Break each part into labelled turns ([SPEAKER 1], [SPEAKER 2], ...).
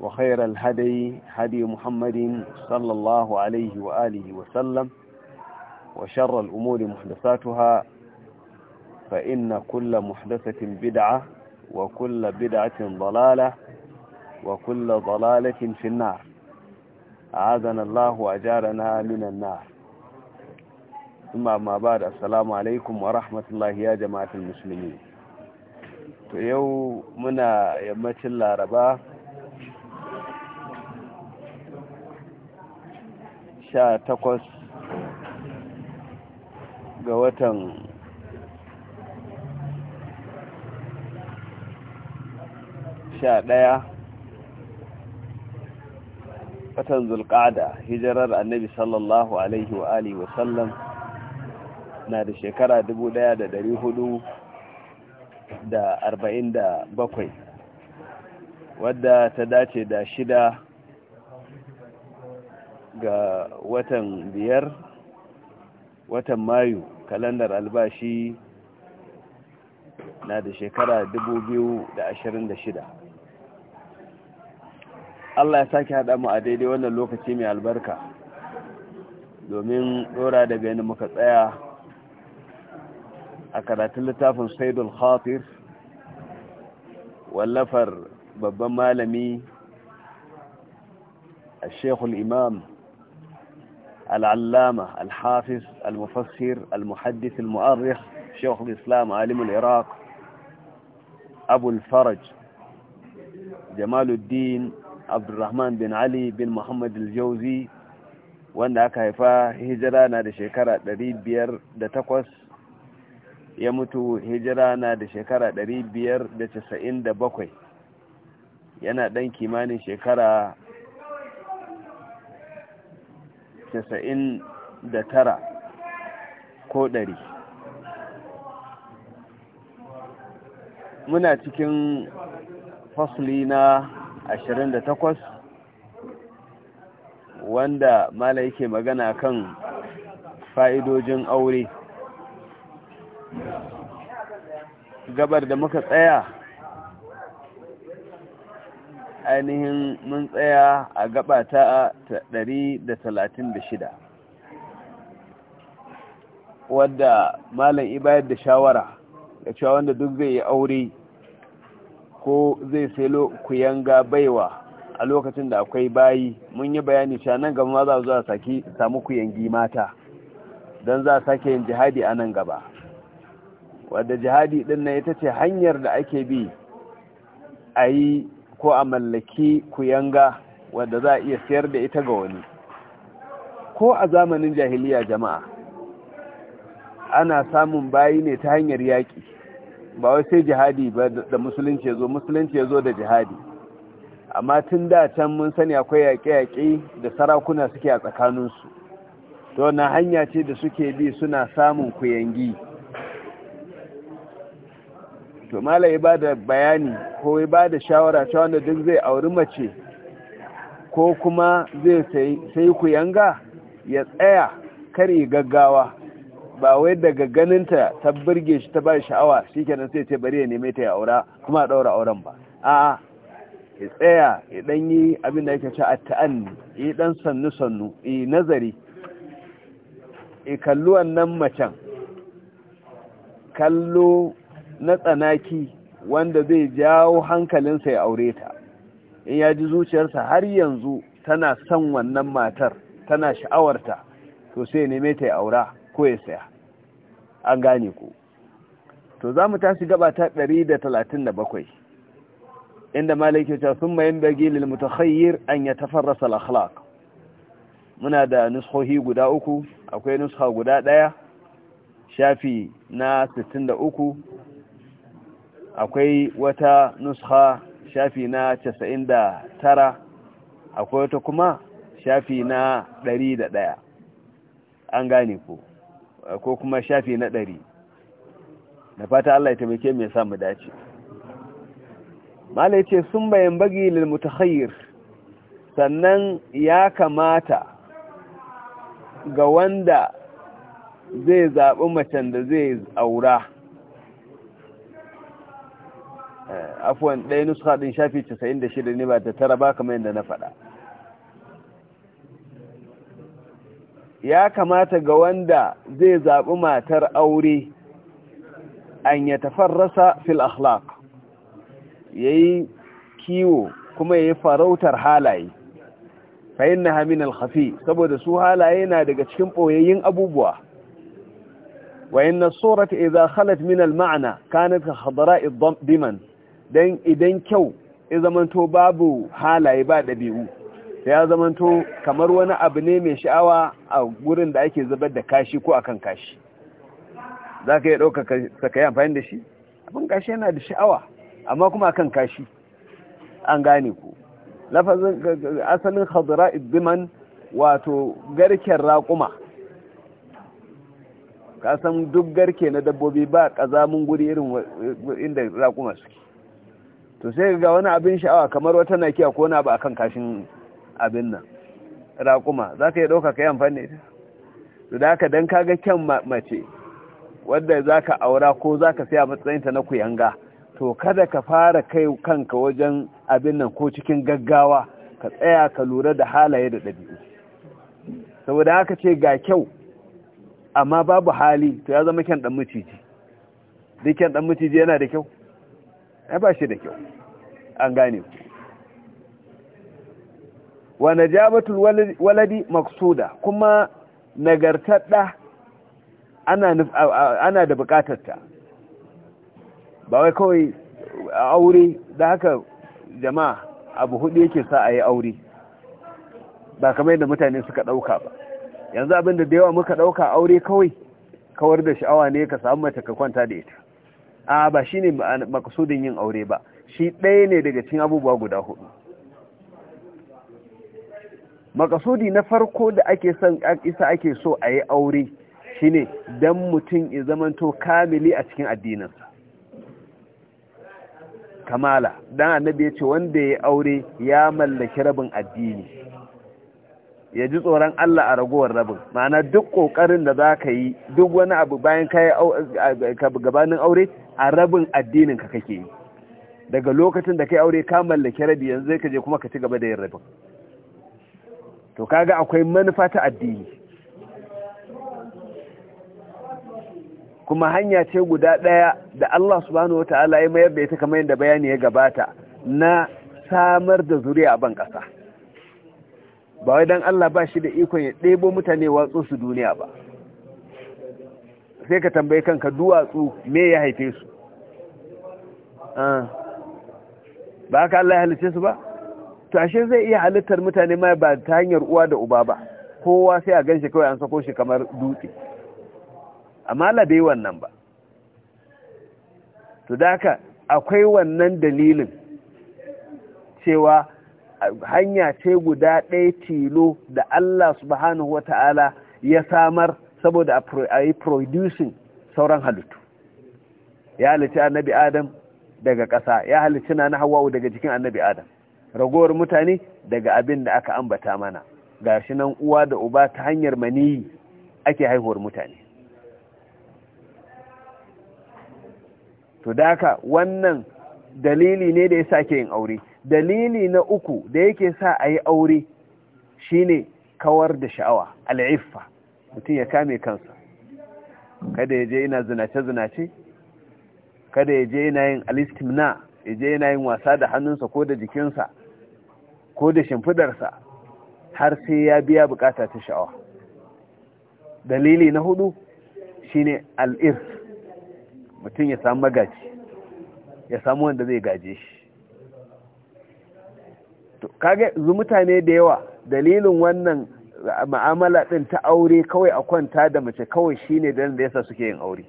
[SPEAKER 1] وخير الهدي هدي محمد صلى الله عليه وآله وسلم وشر الأمور محدثاتها فإن كل محدثة بدعة وكل بدعة ضلالة وكل ضلالة في النار أعاذنا الله وأجارنا من النار ثم ما بعد السلام عليكم ورحمة الله يا جماعة المسلمين يو منا يمتل رباه sha takwas ga watan sha ɗaya watan zulƙada hijirar annabi sallallahu alaihi wa alihi wasallam na da shekara dubu ɗaya da ɗari hudu da arba'in da bakwai wadda ta dace da shida ga watan biyar watan mayu kalandar albashi na da shekara da ashirin shida. Allah ya sake haɗa mu a daidai wannan lokaci mai albarka domin ɗora daga yadda muka tsaya a karatun littafin saidul khatir wallafar babban malami a shekul imam العلامة الحافظ المفسر المحدث المؤرخ شيخ الإسلام عالم العراق أبو الفرج جمال الدين عبد الرحمن بن علي بن محمد الجوزي wanda aka هجرانا hijira na بير دتقوس يمتو هجرانا mutu hijira بير دتسعين دبقوي ينا دين كيماني kimanin casa'in da tara ko ɗari muna cikin fasli na ashirin da takwas wanda mala yake magana kan fa'idojin aure
[SPEAKER 2] gabar da muka tsaya ainihin
[SPEAKER 1] mun tsaya a gaba ta shida. wadda malam ibayar da shawara ga cewa wanda duk zai yi aure ko zai selo kuyanga baiwa a lokacin da akwai bayi mun yi bayani cewa nan gaba za zuwa saki samu kuyangi mata don za sake yin jihadi a nan gaba wadda jihadi din na ita ce hanyar da ake bi a yi ko a mallaki kuyanga wadda za a iya sayar da ita ga wani ko a zamanin jahiliya jama'a ana samun bayi ne ta hanyar yaƙi ba wai sai jihadi ba da musulunci ya zo musulunci ya zo da jihadi amma tun da can mun sani akwai yaƙe-yaƙe da sarakuna suke a tsakaninsu to na hanya ce da suke bi suna samun kuyangi to mala ya bada bayani ko ya bada shawara ta wanda duk zai auri mace ko kuma zai sai ku yanga ya tsaya kare gaggawa ba wai daga ganinta ta birge shi ta ba sha'awa shikenan sai ce bari ya neme ta ya aura kuma a daura auren ba a'a ya tsaya ya dan yi abin da yake ce a ta'anni ya dan sannu sannu ya nazari ya kalli wannan macen kallo na tsanaki wanda zai jawo hankalinsa ya aure ta in ya ji zuciyarsa har yanzu tana son wannan matar tana sha'awarta to sai neme ta ya aura ko ya saya an gane ku to za mu tashi gaba ta 137 inda malaikin ta sun mayan bagi lil mutakhayyir an ya tafar muna da nushohi guda uku akwai nusha guda ɗaya, shafi na sittin da uku. akwai wata nuska shafi na 99 akwai wata kuma shafi na 101 an gane ko ko kuma shafi na 100 da fata Allah ya taimake mu ya mu dace mala yace sun bayan bagi lil mutakhayyir sannan ya kamata ga wanda zai zaɓi macen da zai aura Eh, afuwan ɗaya nuska ɗin shafi 96 ne ba ta tara ba kamar yadda na faɗa ya kamata ga wanda zai zaɓi matar aure an ya rasa fil akhlaq ya yi kiwo kuma ya yi farautar halaye fa'in na hamin alhafi saboda su halaye na daga cikin ɓoyayyin abubuwa wayan na tsorata iza khalat min al-ma'ana kanin hadara idan diman don idan kyau ya zamanto babu halaye ba ɗabi'u ya zamanto kamar wani abu ne mai sha'awa a gurin da ake zubar da kashi ko akan kashi za ka iya ɗauka ka yi amfani da shi abin kashi yana da sha'awa amma kuma akan kashi an gane ku lafazin asalin khadra iddiman wato garken raƙuma kasan duk garke na dabbobi ba ƙazamin guri irin inda raƙuma suke to sai ga wani abin sha'awa kamar wata nakiya ko na ba akan kashin abin nan raƙuma za ka yi ɗauka ka yi amfani da to da haka don kaga kyan mace wadda za ka aura ko za ka saya matsayinta na kuyanga to kada ka fara kai kanka wajen abin nan ko cikin gaggawa ka tsaya ka lura da halaye da ɗabi'u saboda haka ce ga kyau amma babu hali to ya zama kyan ɗan maciji duk kyan ɗan miciji yana da kyau ya ba shi da kyau an gane ku wa najabatul waladi maksuda kuma nagartadda ana ana da bukatarta ba wai kawai aure da haka jama'a abu hudu yake sa a yi aure ba kamar yadda mutane suka dauka ba yanzu abinda da yawa muka dauka aure kawai kawar da sha'awa ne ka samu mace ka kwanta da ita a ba shi ne makasudin yin aure ba shi ɗaya ne daga cin abubuwa guda hudu makasudi na farko da ake son isa ake so a yi aure shi ne don mutum ya zamanto kamili a cikin addininsa kamala don annabi ya ce wanda ya yi aure ya mallaki rabin addini ya ji tsoron Allah a ragowar rabin ma'ana duk ƙoƙarin da za ka yi duk wani abu bayan ka yi gabanin aure a rabin addinin ka kake yi daga lokacin da kai aure ka mallaki rabi yanzu zai kaje kuma ka ci gaba da yin rabin to kaga akwai manufa ta addini kuma hanya ce guda ɗaya da Allah subhanahu wata'ala ya mayar da ita kamar yadda bayani ya gabata na samar da zuriya a ban ƙasa ba wai don Allah ba shi da ikon ya ɗebo mutane watsu su duniya ba sai ka tambaye kanka duwatsu me ya haife su ah. ba ka Allah ya halice su ba to ashe zai iya halittar mutane ma ba ta hanyar uwa da uba ba kowa sai a ganshi kawai an sako shi kamar dutse amma la bai wannan ba to daka akwai wannan dalilin cewa hanya ce guda ɗaya tilo da Allah subhanahu wa ta'ala ya samar saboda a yi producing sauran halittu ya halici annabi adam daga ƙasa ya halici na na hawa daga jikin annabi adam ragowar mutane daga abin da aka ambata mana Ga shi nan uwa da uba ta hanyar maniyi ake haihuwar mutane to daka wannan dalili ne da ya sa ke yin aure dalili na uku da yake sa a yi aure shine kawar da sha'awa al'iffa mutum ya kame kansa kada ya je yana zinace-zinace kada ya je yana yin alistimna ya je yana yin wasa da hannunsa ko da jikinsa ko da shimfidarsa har sai ya biya bukata ta sha'awa dalili na hudu shine al'ir mutum ya samu magaji ya samu wanda zai gaje shi to kage zu mutane da yawa dalilin wannan ma'amala ɗin ta aure kawai a kwanta da mace kawai shi ne da yasa suke yin aure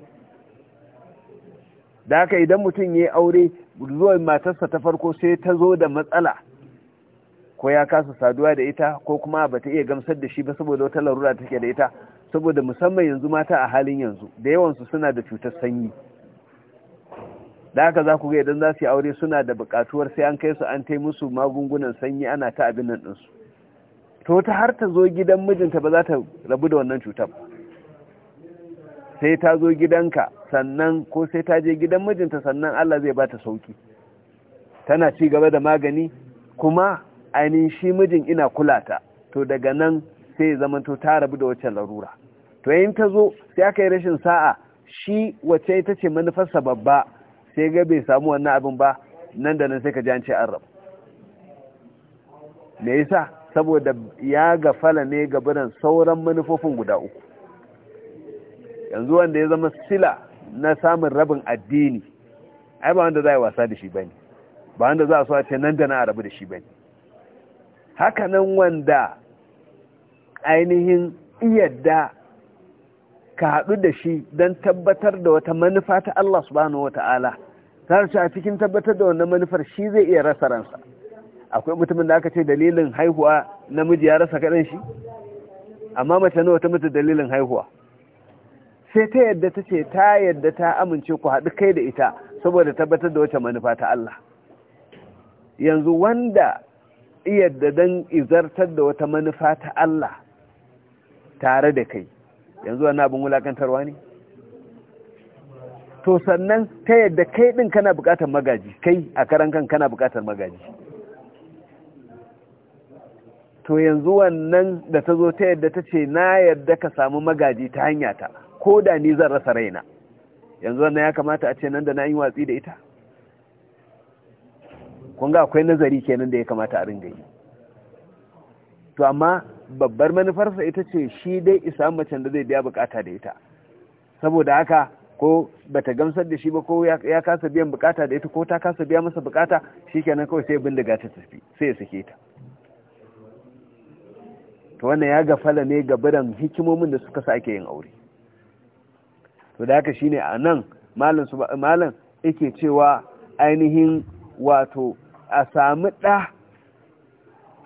[SPEAKER 1] da haka idan mutum ya yi aure zuwan matarsa ta farko sai ta zo da matsala ko ya kasa saduwa da ita ko kuma ba ta iya gamsar da shi ba saboda wata larura take da ita saboda musamman yanzu mata a halin yanzu da yawansu suna da cutar sanyi da haka za ku ga idan za su yi aure suna da buƙatuwar sai an kai su an tai musu magungunan sanyi ana ta abin nan ɗinsu to ta har ta zo gidan mijinta ba za ta rabu da wannan cutar sai ta zo gidanka sannan ko sai ta je gidan mijinta sannan Allah zai ba ta sauki tana ci gaba da magani kuma ainihin shi mijin ina kula ta to daga nan sai zaman to ta rabu da wacce larura to yayin ta zo sai aka yi rashin sa'a shi wacce ita ce manufarsa babba sai ga bai samu wannan abin ba nan da nan sai ka ji an ce an rabu me yasa saboda ya gafala ne gabaran sauran manufofin guda uku yanzu wanda ya zama sila na samun rabin addini ai ba wanda za a wasa da shi ne, ba wanda za a so a ce nan da na rabu da shi ne. hakanan wanda ainihin iyadda ka haɗu da shi don tabbatar da wata manufa ta Allah subhanahu wa ta'ala ta a cikin tabbatar da wannan manufar shi zai iya rasa ransa akwai mutumin da aka ce dalilin haihuwa namiji ya rasa kaɗan shi amma mace nawa ta mutu dalilin haihuwa sai ta yadda ta ce ta yadda ta amince ku haɗu kai da ita saboda tabbatar da wacce manufa ta Allah yanzu wanda yadda don izartar da wata manufa ta Allah tare da kai yanzu wani abin wulakantarwa ne to sannan ta yadda kai ɗin kana buƙatar magaji kai a karan kan kana buƙatar magaji to yanzu wannan da ta zo ta yadda ta ce na yadda ka samu magaji ta hanya ta ko da ni zan rasa raina yanzu wannan ya kamata a ce nan da na yi watsi da ita kun ga akwai nazari kenan da ya kamata a ringa yi to amma babbar manufarsa ita ce shi dai isa macen da zai biya bukata da ita saboda haka ko bata gamsar da shi ba ko ya kasa biyan bukata da ita ko ta kasa biya masa bukata shi kenan kawai sai bindiga ta tafi sai ya sake ta to wannan ya gafala ne ga biran hikimomin da suka sake yin aure to da haka shine a nan malam su malam yake cewa ainihin wato a sami ɗa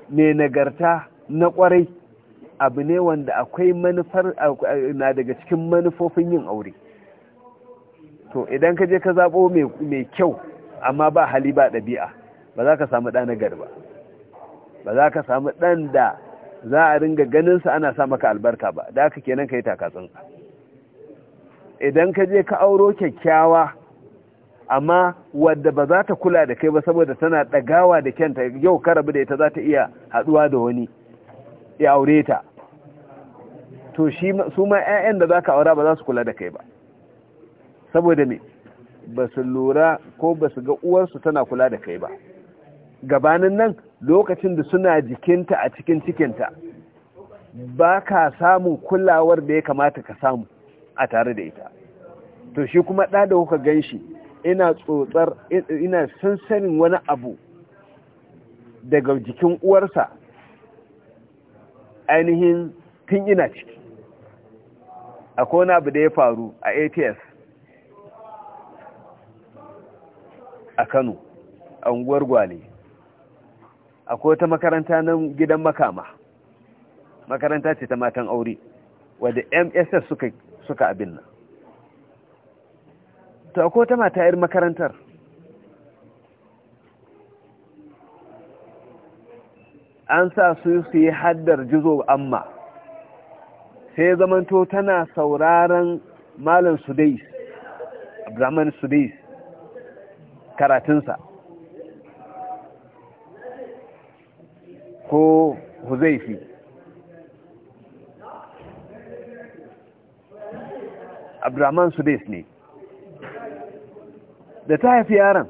[SPEAKER 1] mai nagarta na kwarai abu ne wanda akwai manufar na daga cikin manufofin yin aure to idan ka je ka zaɓo mai kyau amma ba hali ba ɗabi'a ba za ka samu ɗa na ba, ba za ka samu ɗan da za a ringa ganinsa ana sa maka albarka ba da haka kenan ka yi takatsun idan ka je ka auro kyakkyawa amma wadda ba za ta kula da kai ba saboda tana ɗagawa da kyanta yau ka rabu da ita za ta iya haɗuwa da wani ya aure ta to shi su ma 'ya'yan da za ka aura ba za su kula da kai ba saboda me ba su lura ko ba su ga uwarsu tana kula da kai ba gabanin nan lokacin da suna jikinta a cikin cikinta ba ka samun kulawar da ya kamata ka samu a tare da ita to shi kuma ɗa da kuka gan shi ina tsotsar ina sansanin wani abu daga jikin uwarsa ainihin tun ina ciki A kona abu da ya faru a ats a kano a unguwar gwale akwai wata makaranta nan gidan makama makaranta ce ta matan aure wadda mss suka, suka abin nan to akwai wata mata yar makarantar an sa su su yi haddar jizo amma sai zamanto tana sauraron malam sudais abdulrahman sudais karatunsa ko huzaifi abdurrahman sudais ne da ta haifi yaron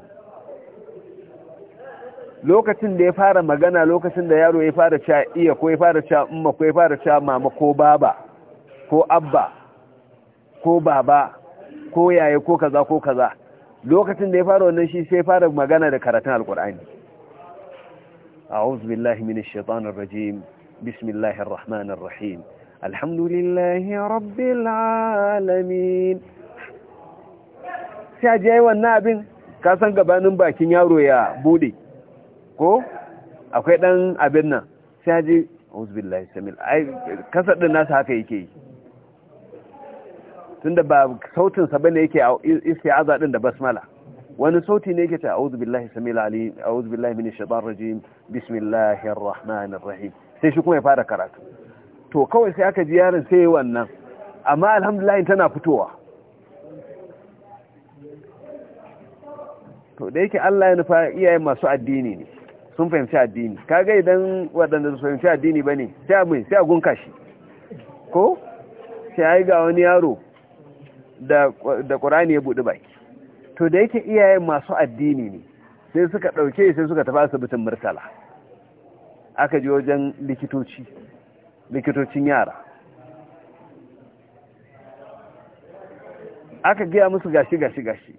[SPEAKER 1] lokacin da ya fara magana lokacin da yaro ya fara cewa iya ko ya fara cewa umma ko ya fara cewa mama ko baba ko abba ko baba ko yaye ko kaza ko kaza lokacin da ya fara wannan shi sai fara magana da karatun alkur'ani أعوذ بالله من الشيطان الرجيم بسم الله الرحمن الرحيم الحمد لله رب العالمين sai je wannan abin ka san gabanin bakin yaro ya bude ko akwai dan abin nan sai je auzu billahi samil ai kasar din nasa haka yake yi tunda ba sautin sa bane yake isti'aza din da basmala wani sauti ne yake ta a'udhu billahi samil ali a'udhu billahi minash shaitanir rajim bismillahir rahmanir rahim sai shi kuma ya fara karatu to kawai sai aka ji yaron sai wannan amma alhamdulillah tana fitowa to da yake Allah ya nufa iyaye masu addini ne sun fahimci addini kaga idan waɗanda su fahimci addini bane sai a mai sai a gunka shi ko sai ai ga wani yaro da da Qur'ani ya budi baki to da yake iyayen masu addini ne sai suka ɗauke sai suka tafi asibitin murtala aka je wajen likitoci likitocin yara aka gaya musu gashi gashi gashi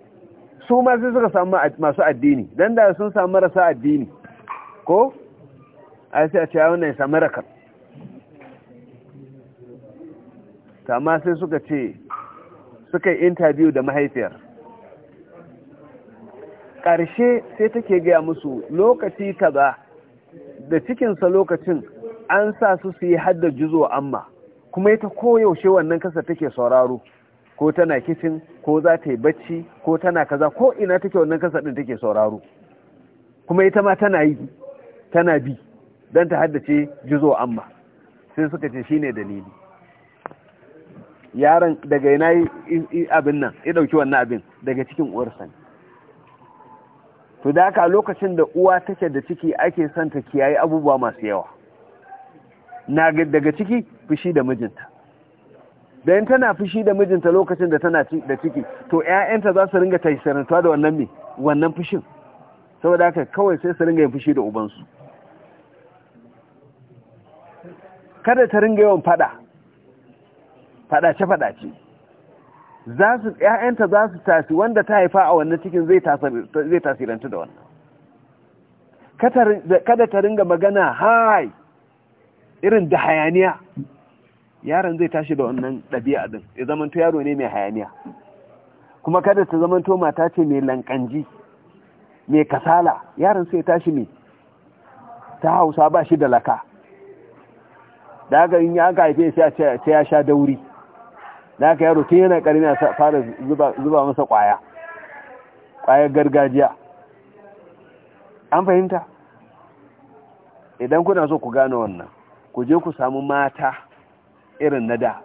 [SPEAKER 1] su ma sai suka samu masu addini dan da sun samu marasa addini ko ai sai a ce wannan ya samu rakar ma sai suka ce suka yi intabiyu da mahaifiyar ƙarshe sai take gaya musu lokaci kaza da cikinsa lokacin an sa su su yi hadda juzo amma kuma ita koyaushe wannan kasa take sauraro ko tana kicin ko za ta yi bacci ko tana kaza ko ina take wannan kasa ɗin take sauraro kuma ita ma tana yi tana bi don ta haddace juzo amma sai suka ce shine dalili yaron daga yana abin nan ya ɗauki wannan abin daga cikin uwarsa ne to da haka lokacin da uwa take da ciki ake son ta kiyaye abubuwa masu yawa na daga ciki fushi da mijinta da in tana fushi da mijinta lokacin da tana da ciki to ƴaƴanta za su ringa tasirantuwa da wannan me wannan fushin saboda haka kawai sai su ringa yin fushi da ubansu kada ta ringa yawan fada fada ce Ya'yanta su za su tasi wanda ta haifa a wannan cikin zai tasiranta da wannan kada ta ringa magana hai irin da hayaniya yaron zai tashi da wannan ɗabi'a din ya zamanto yaro ne mai hayaniya kuma kada ta zamanto mata ce mai lankanji mai kasala yaron sai tashi ne ta hausa ba shi da laka daga in ya ga sai ya sha dauri da aka yaro tun yana karami a fara zuba masa kwaya kwayar gargajiya an fahimta idan kuna so ku gane wannan ku je ku samu mata irin na da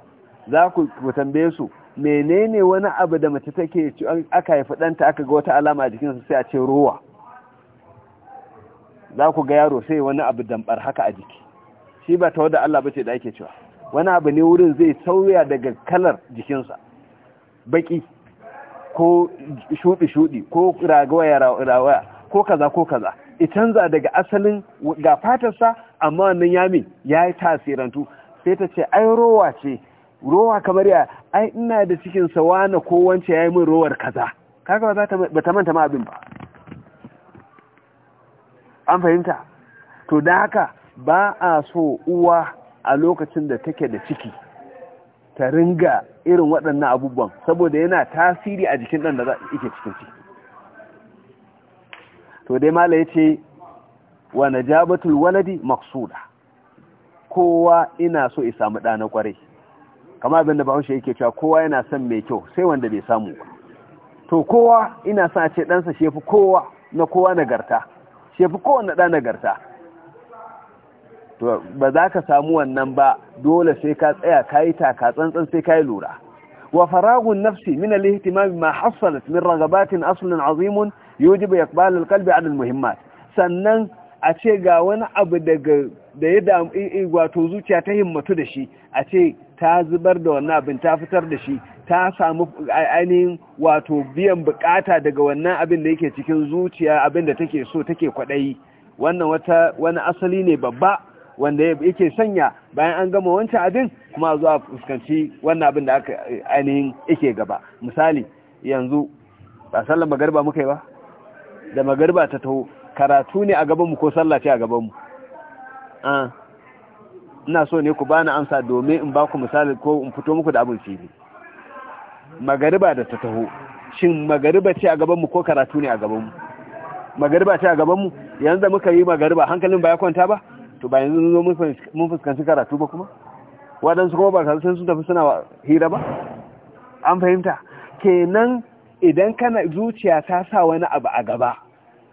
[SPEAKER 1] za ku tambaye su menene wani abu da mace take aka haifi ɗanta aka ga wata alama a jikinsa sai a ce rowa za ku ga yaro sai wani abu dambar haka a jiki shi ba ta wadda Allah ba ce da ake cewa wani abu ne wurin zai sauya daga kalar jikinsa baki ko shuɗi-shuɗi ko ragawaya-rawaya ko kaza ko kaza i canza daga asalin ga fatarsa amma wannan yami ya yi tasirantu sai ta ce ai rowa ce rowa kamar ya ai ina da cikin sawana ko wance ya yi min rowar kaza kaga ba ta manta ma abin ba an fahimta to da haka ba a so uwa a lokacin da take da ciki ta ringa irin waɗannan abubuwan saboda yana tasiri a jikin ɗan da za ike cikin ciki to dai mala ya ce wa Jabatul waladi maksuda kowa ina so ya samu ɗa na ƙwarai kama abinda bahaushe yake cewa kowa yana son mai kyau sai wanda bai samu ba to kowa ina son a ce ɗansa shefi kowa na kowa nagarta shefi na ɗa nagarta ba za ka samu wannan ba dole sai ka tsaya ka yi taka tsantsan sai ka yi lura wa faragun nafsi min al-ihtimam ma hasalat min ragabatin aslan azimun yujib iqbal al-qalbi ala al-muhimmat sannan a ce ga wani abu daga da ya damu wato zuciya ta himmatu da shi a ce ta zubar da wannan abin ta fitar da shi ta samu ainihin wato biyan bukata daga wannan abin da yake cikin zuciya abin da take so take kwaɗayi wannan wata wani asali ne babba wanda yake sanya bayan an gama wancan abin kuma zuwa fuskanci wannan abin da aka ainihin yake gaba misali yanzu ba sallar magarba muka yi ba da magarba ta taho karatu ne a gabanmu ko sallah ce a gabanmu ina so ne ku bani amsa domin in ba ku misali ko in fito muku da abin fili magariba da ta taho shin magariba ce a gabanmu ko karatu ne a gabanmu magariba ce a gabanmu yanzu da muka yi magariba hankalin ba ya kwanta ba to bayan yanzu zo mun fuskanci karatu ba kuma waɗansu kuma ba karatu sun tafi suna hira ba an fahimta kenan idan kana zuciya ta sa wani abu a gaba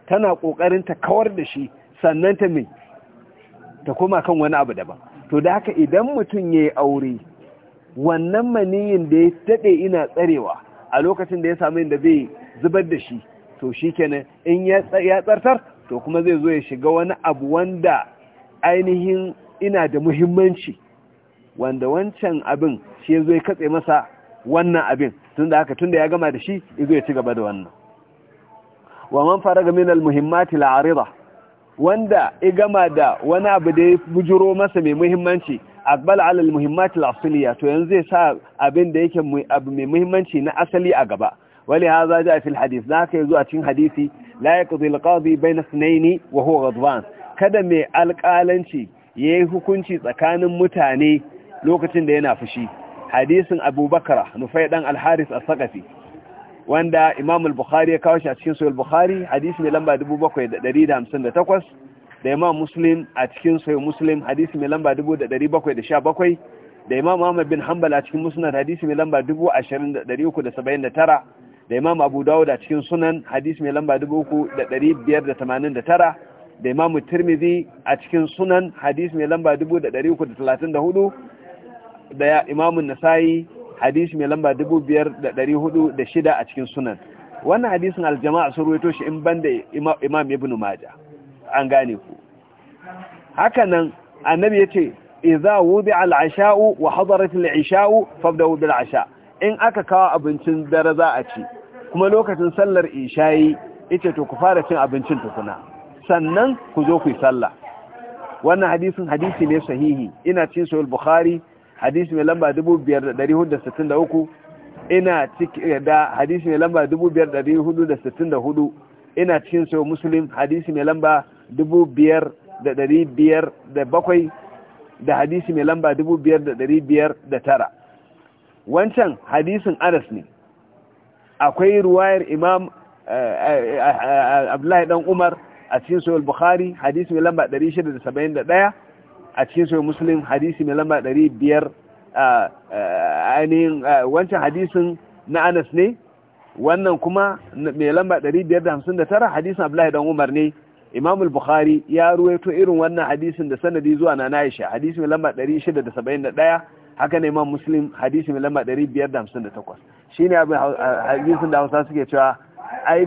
[SPEAKER 1] tana ƙoƙarin ta kawar da shi sannan ta mai ta koma kan wani abu daban to da haka idan mutum ya yi aure wannan maniyin da ya daɗe ina tsarewa a lokacin da ya samu inda zai zubar da shi to shi kenan in ya tsartar to kuma zai zo ya shiga wani abu wanda ainihin ina da muhimmanci wanda wancan abin shi ya zo ya katse masa wannan abin tun da haka tun da ya gama da shi izo ya ci gaba da wannan wa man faraga min al-muhimmati al wanda ya gama da wani abu da ya bujuro masa mai muhimmanci akbal alal al-muhimmati al-asliya to yanzu zai sa abin da yake abu mai muhimmanci na asali a gaba wali hadha a fi al-hadith da haka yazo a cikin hadisi la yaqdi al-qadi bayna ithnayn wa huwa ghadban kada mai alƙalanci ya yi hukunci tsakanin mutane lokacin da yana fushi hadisin abubakar nufai ɗan alharis a sakafi wanda imam al-bukhari ya kawo shi a cikin soyar bukhari hadisi mai lamba 758 da imam muslim a cikin soyar muslim hadisi mai lamba 717 da imam ahmad bin hanbal a cikin musnad hadisi mai lamba 20379 da imam abu dawud a cikin sunan hadisi mai lamba 3589 da imamu tirmidhi a cikin sunan hadis mai lamba 334 da imamu nasa'i hadis mai lamba 5406 a cikin sunan wannan hadisin aljama'a sun ruwaito shi in banda imam ibn maja an gane ku hakanan annabi yace idza wudi'a al al'ashau, wa hadarat al-isha'u fabda'u bil-asha in aka kawo abincin dare za a ci kuma lokacin sallar isha'i ita to ku fara cin abincin tukuna sannan ku zo ku yi sallah wannan hadisin hadisi ne sahihi ina cin sahih bukhari hadisi mai lamba 5463 ina cikin da hadisi mai lamba 5464 ina cikin sahih muslim hadisi mai lamba 5507 da hadisi mai lamba 5509 wancan hadisin aras ne akwai ruwayar imam eh, eh, eh, abdullahi dan umar a cikin soyi bukhari hadisi mai lamba 671 a cikin soyi muslim hadisi mai lamba 500 ainihin wancan hadisin na anas ne wannan kuma mai lamba 559 hadisin abdullahi dan umar ne imam al-bukhari ya ruwaito irin wannan hadisin da sanadi zuwa na aisha hadisi mai lamba 671 haka ne imam muslim hadisi mai lamba 558 shine abin hadisin da hausa suke cewa ai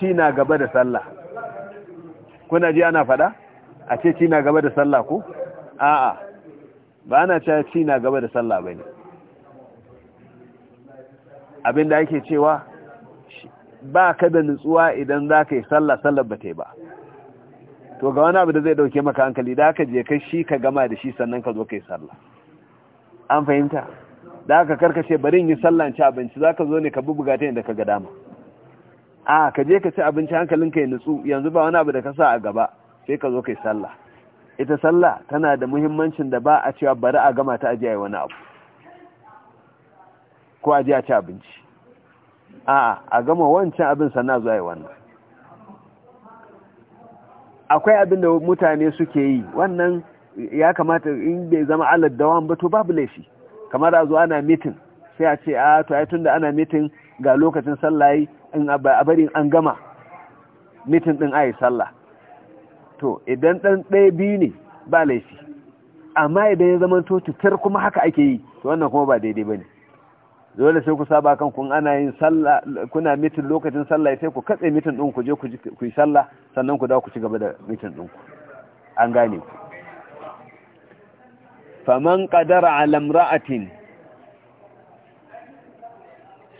[SPEAKER 1] ci na gaba da sallah kuna ji ana fada a ce ci na gaba da sallah ko a'a ba ana ce ci na gaba da sallah bane abinda ake cewa ba ka da nutsuwa idan za ka yi sallah sallar ba ta yi ba to ga wani abu da zai dauke maka hankali da aka je kai shi ka gama da shi sannan ka zo ka yi sallah an fahimta da aka karkashe bari yi sallah ci abinci za ka zo ne ka bi ta yadda ka ga dama a ka je ka ci abinci ka yi nutsu yanzu ba wani abu da ka sa a gaba sai ka zo kai sallah ita sallah tana da muhimmancin da ba a cewa bari a gama ta ajiye wani abu ko a ci abinci a a gama wancan abin sana zuwa yi wannan akwai abin da mutane suke yi wannan ya kamata in bai zama alad da ba to babu laifi kamar a zo ana mitin sai a ce a to ai tunda ana mitin ga lokacin sallayi a bari an gama mitin ɗin a yi sallah to idan ɗan ɗaya biyu ne ba laifi amma idan ya zama to kuma haka ake yi to wannan kuma ba daidai ba ne dole sai ku saba kan kun ana yin sallah kuna mitin lokacin sallah sai ku katse mitin ɗin ku je ku yi sallah sannan ku dawo ku ci gaba da mitin ɗin ku an gane ku faman qadara ala imra'atin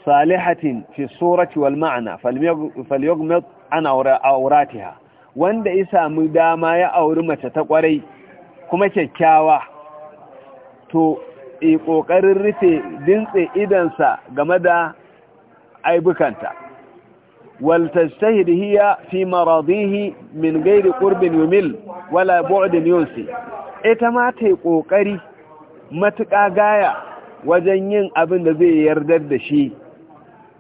[SPEAKER 1] salihatin fi surati wal ma'ana falyogmet an wanda ya sami dama ya auri mace ta kwarai kuma kyakkyawa to e ƙoƙarin rufe dintse idansa game da aibukanta wal tajtahid hiya fi maradihi min ghairi qurbin yumil wala bu'din yunsi ita ma ta kokari matuƙa gaya wajen yin abin da zai yarda da shi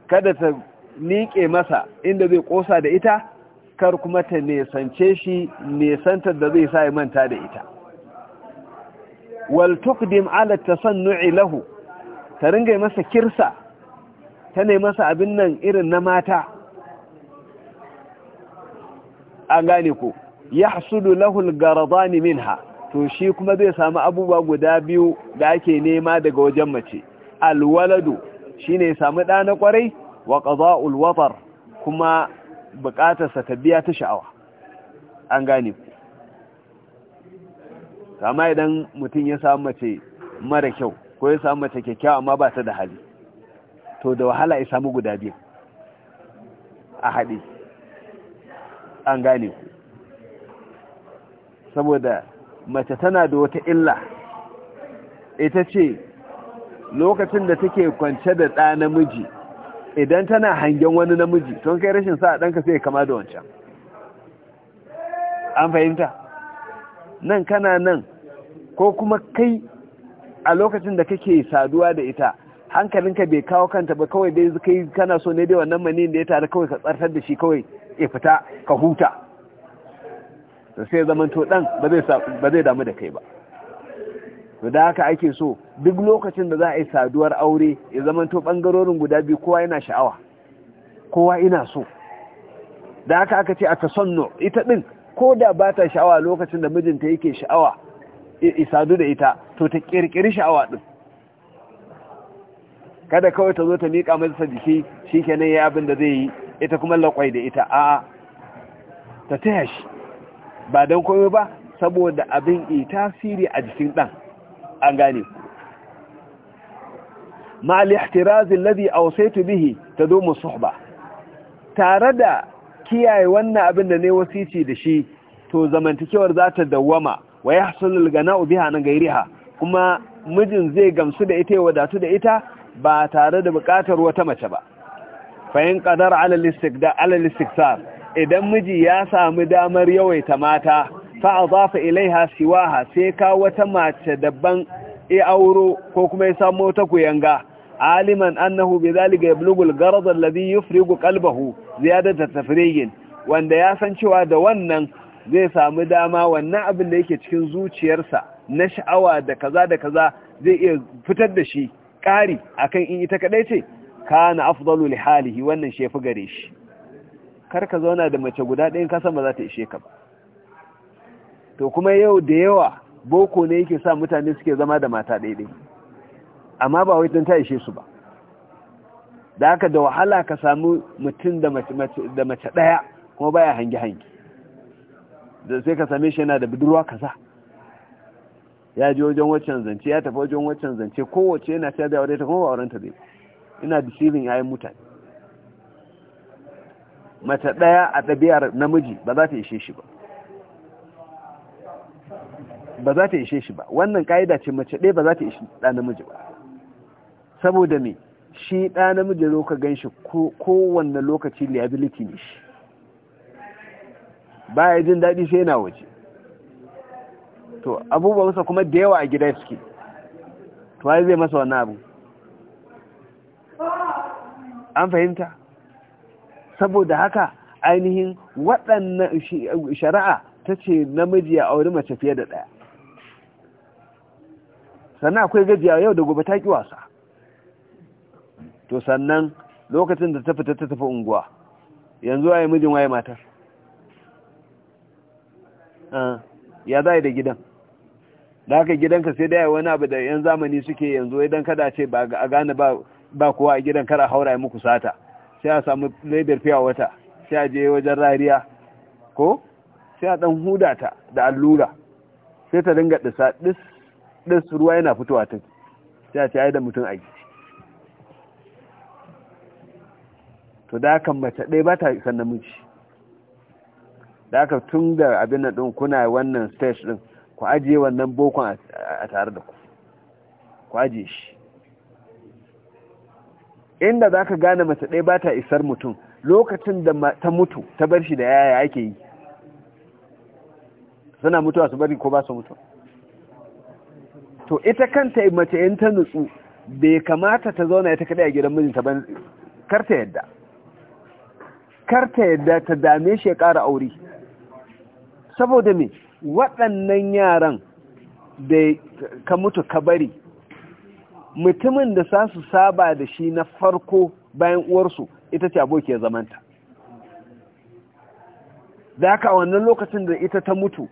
[SPEAKER 1] kada ta niƙe masa inda zai ƙosa da ita kar kuma ta nesance shi nesantar da zai sa ya manta da ita wal tuqdim ala tasannu'i lahu ta ringa masa kirsa ta ne masa abin nan irin na mata an gane ko yahsulu lahu al minha to shi kuma zai samu abubuwa guda biyu da ake nema daga wajen mace alwaladu shine ya sami ɗa na ƙwarai wa ƙaza Ulwafar, kuma buƙatarsa ta biya ta sha'awa an gane ku kama idan mutum ya samu mace mara kyau ko ya samu mace kyakkyawa amma ba ta da hali to da wahala ya samu guda biyu a haɗe an gane ku saboda mace tana da wata illa ita ce lokacin da take kwance da ɗa namiji idan tana hangen wani namiji tun kai rashin sa ɗanka sai kama da wancan an fahimta nan kana nan ko kuma kai a lokacin da kake saduwa da ita hankalinka bai kawo kanta ba kawai dai kai kana so ne dai wannan mani da ya tare kawai ka tsartar da shi kawai ya fita ka huta sai zamanto ɗan ba zai damu da kai ba to da haka ake so duk lokacin da za a yi saduwar aure ya zamanto bangarorin guda biyu kowa yana sha'awa kowa ina so da haka aka ce a tasonno ita ɗin, ko da ba ta sha'awa lokacin da mijinta yake sha'awa isadu da ita to ta kirkiri sha'awa din kada kawai ta zo ta miƙa masa jiki shi shikenan ya abin da zai yi ita kuma lakwai da ita a'a ta taya shi ba don komai ba saboda abin yi tasiri a jikin ɗan an gane ku ma al-ihtiraz alladhi awsaytu bihi tadumu suhba tare da kiyaye wannan abin da ne wasici da shi to zamantakewar za ta dawwama wa yahsulul gana'u biha na gairiha kuma mijin zai gamsu da ita ya wadatu da ita ba tare da bukatar wata mace ba fahim kadar al istiqdar idan miji ya samu damar yawaita mata fa'adafa ilaiha siwaha sai ka wata mace daban ya auro ko kuma ya samu wata kuyanga aliman annahu bi zalika yablughu al-gharad alladhi yufrigu qalbahu ziyadata tafrigin wanda ya san cewa da wannan zai samu dama wannan abin da yake cikin zuciyarsa na sha'awa da kaza da kaza zai iya fitar da shi a akan in ita kaɗai ce kana afdalu li halihi wannan shefi gare shi kar ka zauna da mace guda ɗayan kasan ba za ta ishe ka ba to kuma yau da yawa boko ne yake sa mutane suke zama da mata daidai amma ba wai ta ishe su ba da haka da wahala ka samu mutum da mace daya kuma baya hangi-hangi da sai ka same shi yana da budurwa kaza ya ji wajen waccan zance ya tafi wajen waccan zance kowace yana ta da wadata kuma ba ta zai ina deceiving yayin mutane mace ɗaya a ɗabi'ar namiji ba za ta ishe shi ba ba za ta ishe shi ba wannan ka'ida ce mace ɗaya ba za ta ishe ɗa namiji ba saboda me shi ɗa namiji zo ka gan shi lokaci liability ne shi ba ya jin daɗi sai yana waje to abubuwansa kuma da yawa a gida suke to ya zai masa wannan abu an fahimta saboda haka ainihin waɗannan shari'a ta ce namiji ya auri mace fiye da ɗaya sannan akwai gajiya yau da gobe ta ki wasa to sannan lokacin da ta fita ta tafi unguwa yanzu waye mijin waye matar ah, ya za da gidan da haka gidanka sai da wani abu da yan zamani suke yanzu idan kada ce a gane ba kowa a gidan kara haura ya muku sata sai a samu ledar fiya wata sai a je wajen rariya ko sai a dan huda ta da allura sai ta dinga disa dis ɗin su ruwa yana fitowa tun sai a ce ai da mutum a gici to da aka mace ɗaya ba ta isan namiji da aka tun da abin nan ɗin kuna wannan stage ɗin ku ajiye wannan bokon a tare da ku ku ajiye shi inda za ka gane mace ɗaya ba ta isar mutum lokacin da ta mutu ta bar shi da yaya ake yi suna mutuwa su bari ko ba su mutuwa to ita kanta mace in ta nutsu bai kamata ta zauna ita kaɗai a gidan mijinta ba karta yadda karta yadda ta dame shi ya ƙara aure saboda me waɗannan yaran da ka mutu ka bari mutumin da za su saba da shi na farko bayan uwarsu ita ce abokiyar zamanta da haka wannan lokacin da ita ta mutu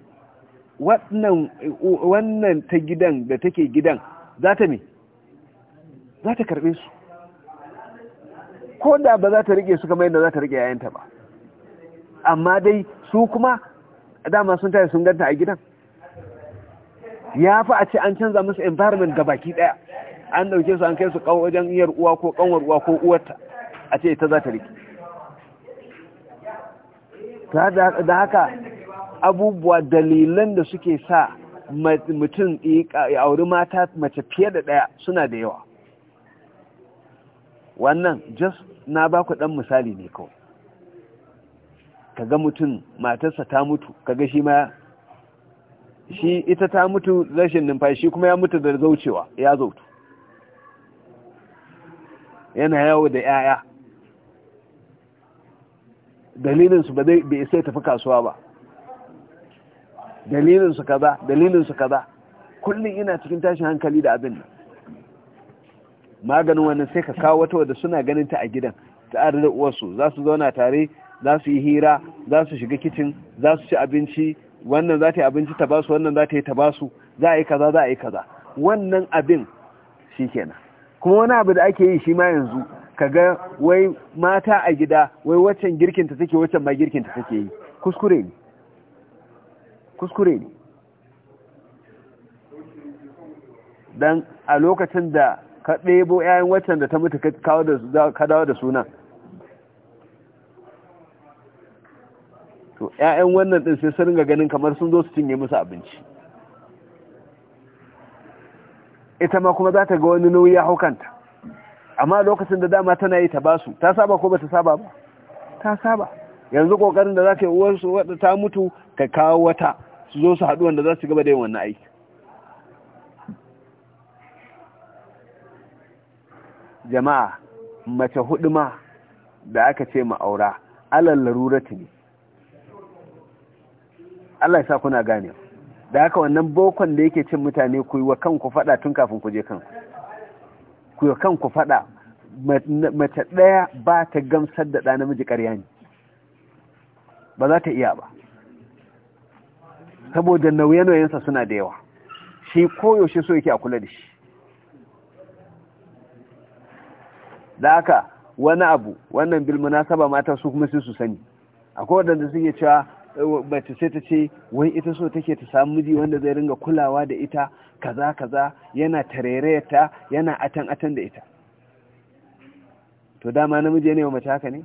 [SPEAKER 1] wannan ta gidan da take gidan za ta mi za ta karbe su ko da ba za ta rike su kamar yadda za ta rike yayanta ba amma dai su kuma dama sun tare sun ganta a gidan ya fi a ce an canza musu environment ga baki daya an dauke su an kai su wajen iyar uwa ko kanwar uwa ko uwarta a ce ta za ta rike da haka abubuwa dalilan da suke sa mutum ya auri mata mace fiye da ɗaya suna da yawa wannan just na ba ku ɗan misali ne kawai Ka ga mutum matarsa ta mutu ka ga shi ma shi ita ta mutu rashin numfashi kuma ya mutu da zaucewa ya zautu yana yawo da 'ya'ya dalilinsu ba zai bai sai tafi kasuwa ba dalilin su kaza dalilin kaza kullum ina cikin tashin hankali da abin maganin wannan sai ka kawo wata wadda suna ganin ta a gidan ta da uwarsu za su zauna tare za su yi hira za su shiga kicin za su ci abinci wannan za ta yi abinci ta basu wannan za ta yi ta basu za a yi kaza za a yi kaza wannan abin shi kenan kuma wani abu da ake yi shi ma yanzu ka ga wai mata a gida wai waccan girkinta take waccan ma girkinta take yi kuskure ne kuskure ne dan a lokacin da ka ɗebo 'ya'yan waccan da ta mutu ka dawo da suna to 'ya'yan wannan ɗin sai sun ga ganin kamar sun zo su cinye musu abinci ita ma kuma za ta ga wani nauyi ya haukanta amma lokacin da dama tana yi ta basu ta saba ko ba ta saba ba ta saba yanzu kokarin da za ta yi uwarsu wadda ta mutu ka kawo wata su zo su haɗu wanda za su gaba da yin wannan aiki jama'a mace huduma da aka ce ma'aura alal larurati ne Allah ya sa kuna gane da haka wannan bokon da yake cin mutane ku yi wa kanku fada tun kafin ku je kan ku yi wa kanku fada mace ɗaya ba ta gamsar da ɗa namiji ƙarya ne ba za ta iya ba saboda nauyenoyensa suna da yawa shi koyaushe so yake a kula da shi da haka wani abu wannan saba mata su kuma sai su sani akwai waɗanda suke cewa bata sai ta ce wani ita so take ta samu miji wanda zai ringa kulawa da ita kaza kaza yana tarerayarta yana atan atan da ita to dama namiji ne wa mace haka ne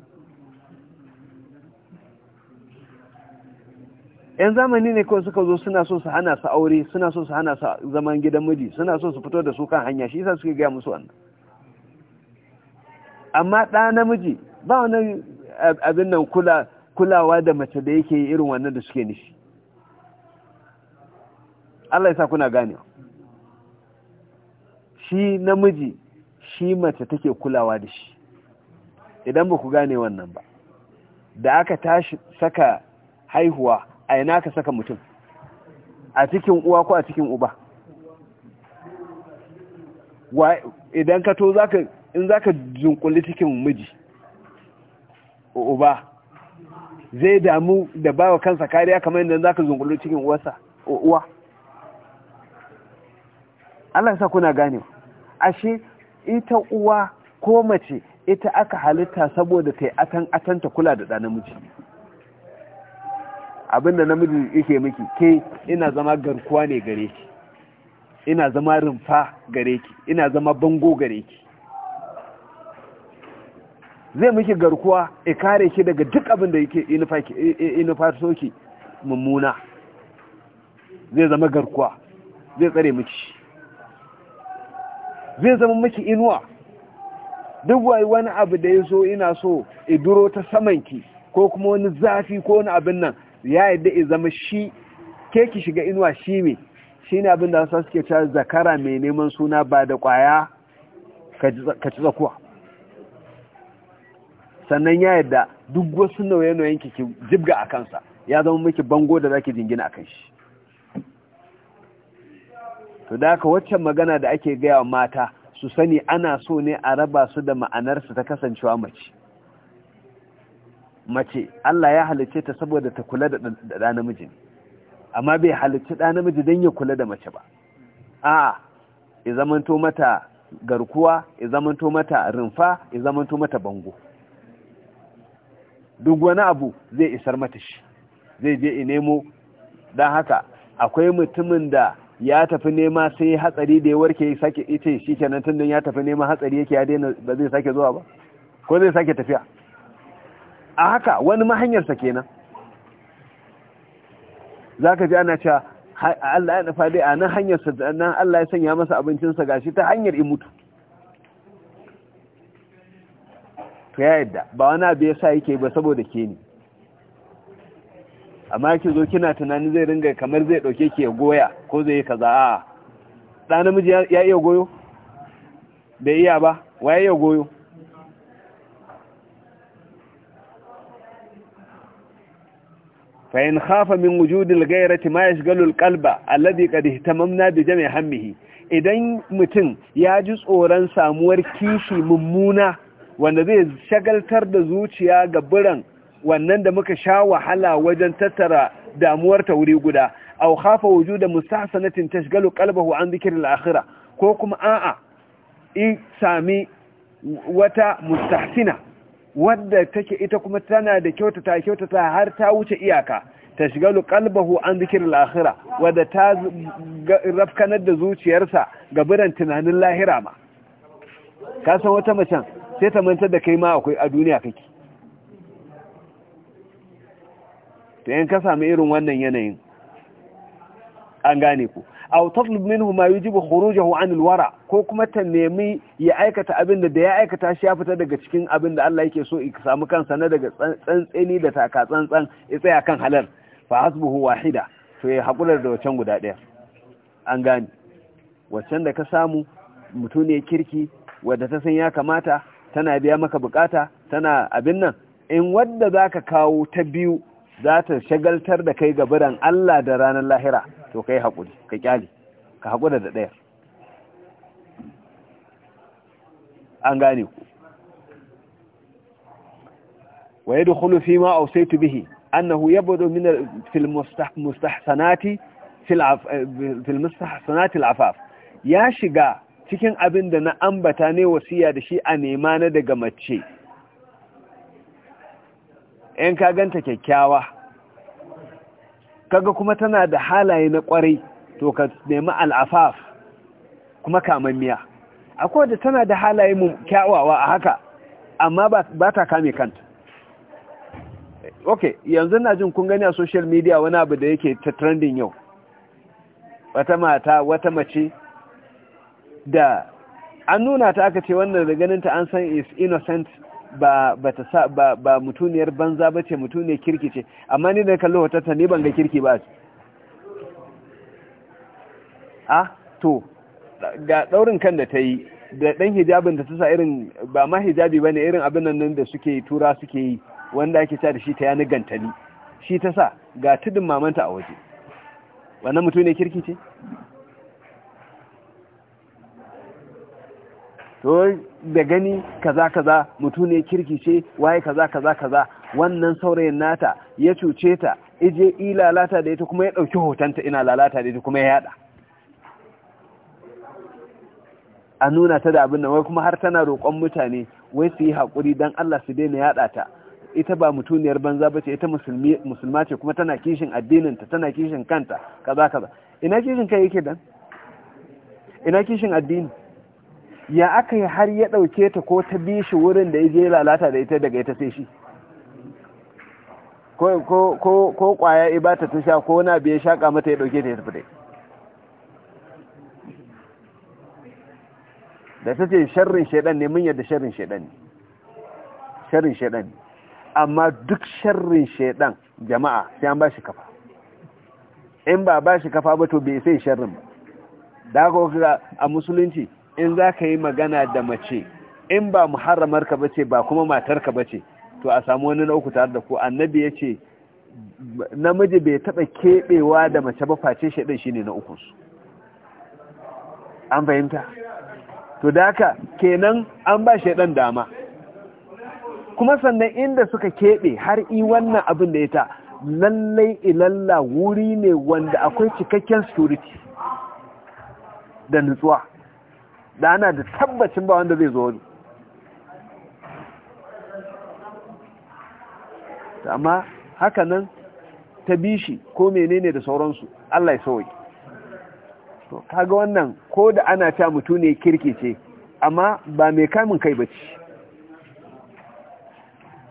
[SPEAKER 1] yan zamani ne kawai suka zo suna so su hana su aure suna so su hana su zaman gidan miji suna so su fito da su kan hanya shi yasa suke gaya musu wannan amma ɗa namiji ba wani abin nan kula kulawa da mace da yake irin wannan da suke nishi Allah ya sa kuna gane shi namiji shi mace take kulawa da shi idan ba ku gane wannan ba da aka tashi saka haihuwa a yana ka saka mutum a cikin uwa ko a cikin uba idan ka to zaka in zaka jinkuli cikin miji uba zai damu da bawa kansa kariya kamar idan zaka jinkuli cikin uwarsa uwa Allah sa kuna gane ashe ita uwa ko mace ita aka halitta saboda ta yi atan atanta kula da ɗa namiji abin da namiji yake miki ke ina zama garkuwa ne gare ki ina zama rumfa gare ki ina zama bango gare ki zai miki garkuwa ya kare ki daga duk abin da yake inufa ki mummuna zai zama garkuwa zai tsare miki zai zama miki inuwa duk wai wani abu da ya so ina so iduro ta samanki ko kuma wani zafi ko wani abin nan ya yadda ya zama shi ke ki shiga inuwa shi ne, shi ne abin da su suke cewa zakara mai neman suna ba da kwaya ka ci zakuwa sannan ya yadda duk wasu nauye-nauyen ki ki jibga a kansa ya zama miki bango da zaki jingina a kan shi to da haka waccan magana da ake gaya wa mata su sani ana so ne a raba su da ma'anarsu ta kasancewa mace mace Allah ya halicce ta saboda ta kula da ɗa namiji amma bai halicci ɗa namiji don ya kula da mace ba a ya zamanto mata garkuwa ya zamanto mata rumfa ya zamanto mata bango duk wani abu zai isar mata shi zai je nemo don haka akwai mutumin da ya tafi nema sai hatsari da ya warke sake ice shi kenan tun ya tafi nema hatsari yake ya daina ba zai sake zuwa ba ko zai sake tafiya a haka wani mahanyarsa kenan za ka ji ana cewa Allah ya nufa dai a nan hanyarsa nan Allah ya sanya masa abincinsa gashi ta hanyar in mutu to ya yadda ba wani abu ya sa yake ba saboda ke ni amma ki zo kina tunanin zai ringa kamar zai ɗauke ke goya ko zai yi kaza a ɗan ya iya goyo bai iya ba wa ya iya goyo فإن خاف من وجود الغيرة ما يشغل القلب الذي قد اهتممنا بجمع همه idan mutum ya ji tsoron samuwar kishi mummuna wanda zai shagaltar da zuciya ga biran wannan da muka sha wahala wajen tattara damuwar ta wuri guda aw khafa wujuda mustahsanatin tashghalu qalbahu an dhikri al ko kuma a'a i sami wata mustahsina wadda take ita kuma tana da kyautata kyautata har ta wuce iyaka ta shiga lukalbahu an zikir lahira wadda ta rafkanar da zuciyarsa ga biran tunanin lahira ma ka san wata macen sai ta manta da kai ma akwai a duniya kake Ta yin ka samu irin wannan yanayin an gane ku aw tatlub minhu ma yujibu khurujahu an alwara ko kuma ta nemi ya aikata abin da ya aikata shi ya fita daga cikin abin da Allah yake so ya samu kansa na daga tsantseni da taka tsantsan ya tsaya kan halal fa hasbuhu wahida to ya hakular da wacan guda ɗaya an gane wacan da ka samu mutum kirki wadda ta san ya kamata tana biya maka bukata tana abin nan in wadda za ka kawo ta biyu za ta shagaltar da kai gabaran Allah da ranar lahira to kai haƙuri ka kyale ka haƙura da ɗayar an gane ku wa ya dukulu fi ma ausaitu bihi annahu yabdu domin fil mustahsanati fil ya shiga cikin abin da na ambata ne wasiya da shi a nema na daga mace Yan ka ganta kyakkyawa kaga kuma tana da halaye na kwarai to ka nemi al'afaf kuma kamammiya akwai da tana da halaye mu kyawawa a haka amma ba ta kame kanta ok yanzu na jin kun gani a social media wani abu da yake ta trending yau wata mata wata mace da an nuna ta aka ce wannan da ganinta an san is innocent ba mutuniyar banza ba ce mutuniyar kirki ce amma ni da kallo ta ne ban ga kirki ba a to ga daurin kan da ta yi da dan hijabin da ta sa irin ba ma hijabi ba ne irin abin nan da suke tura suke yi wanda ake sa da shi ta yana gantani shi ta sa ga tudun mamanta a waje wannan mutuniyar kirki ce to da gani kaza kaza mutu ne kirki ce waye kaza kaza kaza wannan saurayin nata ya cuce ta ije i lalata da ita kuma ya ɗauki hotonta ina lalata da ita kuma ya yada a nuna ta da abin wai kuma har tana roƙon mutane wai su yi haƙuri don Allah su daina yada ta ita ba mutuniyar banza ba ce ita musulma ce kuma tana kishin addininta tana kishin kanta kaza kaza ina kishin kai yake dan ina kishin addini ya aka yi har ya ɗauke ta ko ta bi shi wurin da ya je lalata da ita daga ita sai shi ko kwaya ibata ta sha ko na biya shaƙa mata ya ɗauke ta ya tafi dai da ta ce sharrin shaidan ne mun yadda sharrin shaidan ne sharrin shaidan ne amma duk sharrin shaidan jama'a sai an ba shi kafa in ba ba shi kafa ba to bai sai sharrin ba da haka a musulunci in za ka yi magana da mace in ba muharramarka ka bace ba kuma matarka ka bace to a samu wani na uku tare da ku annabi ya ce namiji bai taba keɓewa da mace ba face shaɗin shi ne na ukunsu an fahimta to da haka kenan an ba shi shaɗin dama kuma sannan inda suka keɓe har i wannan abin da ya ta lallai ilalla wuri ne wanda akwai cikakken security da nutsuwa da ana da tabbacin ba wanda zai zo wani amma haka nan ta bi shi, ko menene da sauransu Allah ya sauki to kaga wannan ko da ana ta mutu ne kirki ce amma ba mai kamun kai ba ci.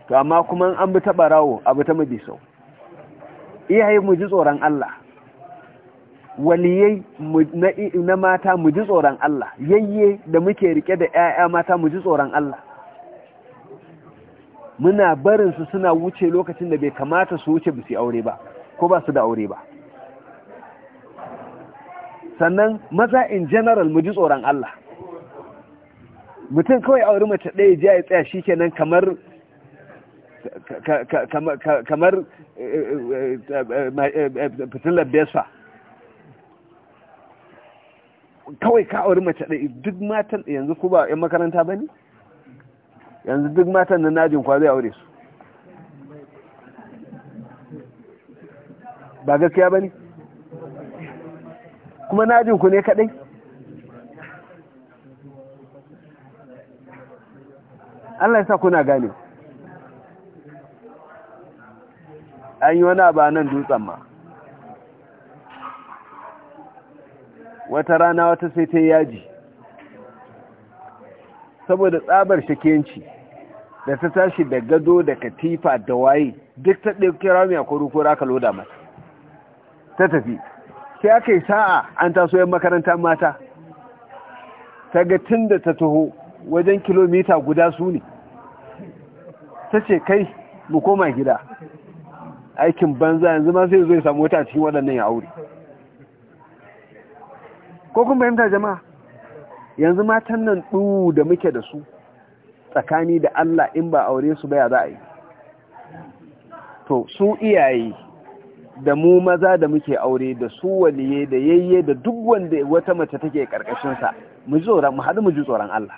[SPEAKER 1] to amma kuma an bi ta barawo abu ta mabisau iyaye mu ji tsoron Allah waliyai na mata mu ji tsoron Allah yayye da muke rike da 'ya'ya mata mu ji tsoron Allah muna barinsu suna wuce lokacin da bai kamata su wuce ba aure ba ko ba su da aure ba sannan maza in general mu ji tsoron Allah mutum kawai aure mace ɗaya ji ya tsaya shi kenan kamar kamar fitilar besa kawai ka auri mace ɗaya duk matan yanzu ku ba 'yan makaranta ba ne yanzu duk matan na najin kwa zai aure su ba gaskiya ba ne kuma najin ku ne kaɗai Allah ya sa kuna gane an yi wani ba nan dutsen ma wata rana wata sai ta yaji saboda tsabar shakenci da ta tashi da gado da katifa da waye duk ta ɗauki rami a kuru aka loda mata ta tafi sai aka yi sa'a an taso yan makarantar mata ta ga tun da ta taho wajen kilomita guda su ne ta ce kai mu koma gida aikin banza yanzu ma sai zo ya samu wata cikin waɗannan ya aure ko kun fahimta jama'a yanzu matan nan ɗu da muke da su tsakani da Allah in ba aure su baya za a yi to su iyaye da mu maza da muke aure da su waliye da yayye da duk wanda wata mace take karkashinsa mu ji tsoron mu haɗu mu ji tsoron Allah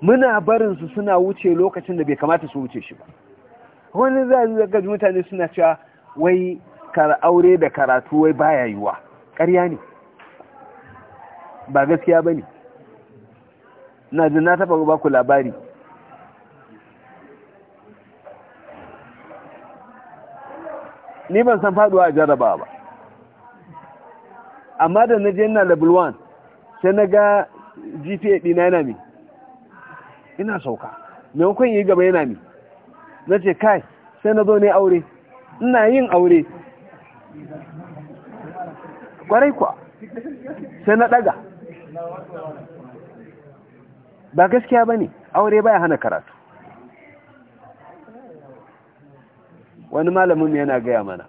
[SPEAKER 1] muna barin su suna wuce lokacin da bai kamata su wuce shi ba wani za ga mutane suna cewa wai aure da karatu wai baya yiwa ƙarya ne ba gaskiya ba ne na jin na taɓa ba ku labari ni ban san faduwa a jarraba ba amma da na je na level 1 sai na ga gpa ɗina yana mi ina sauka maimakon yi gaba yana mi na ce kai sai na zo ne aure ina yin aure kwarai kwa sai na ɗaga ba gaskiya ba ne aure baya hana karatu wani malamin yana gaya mana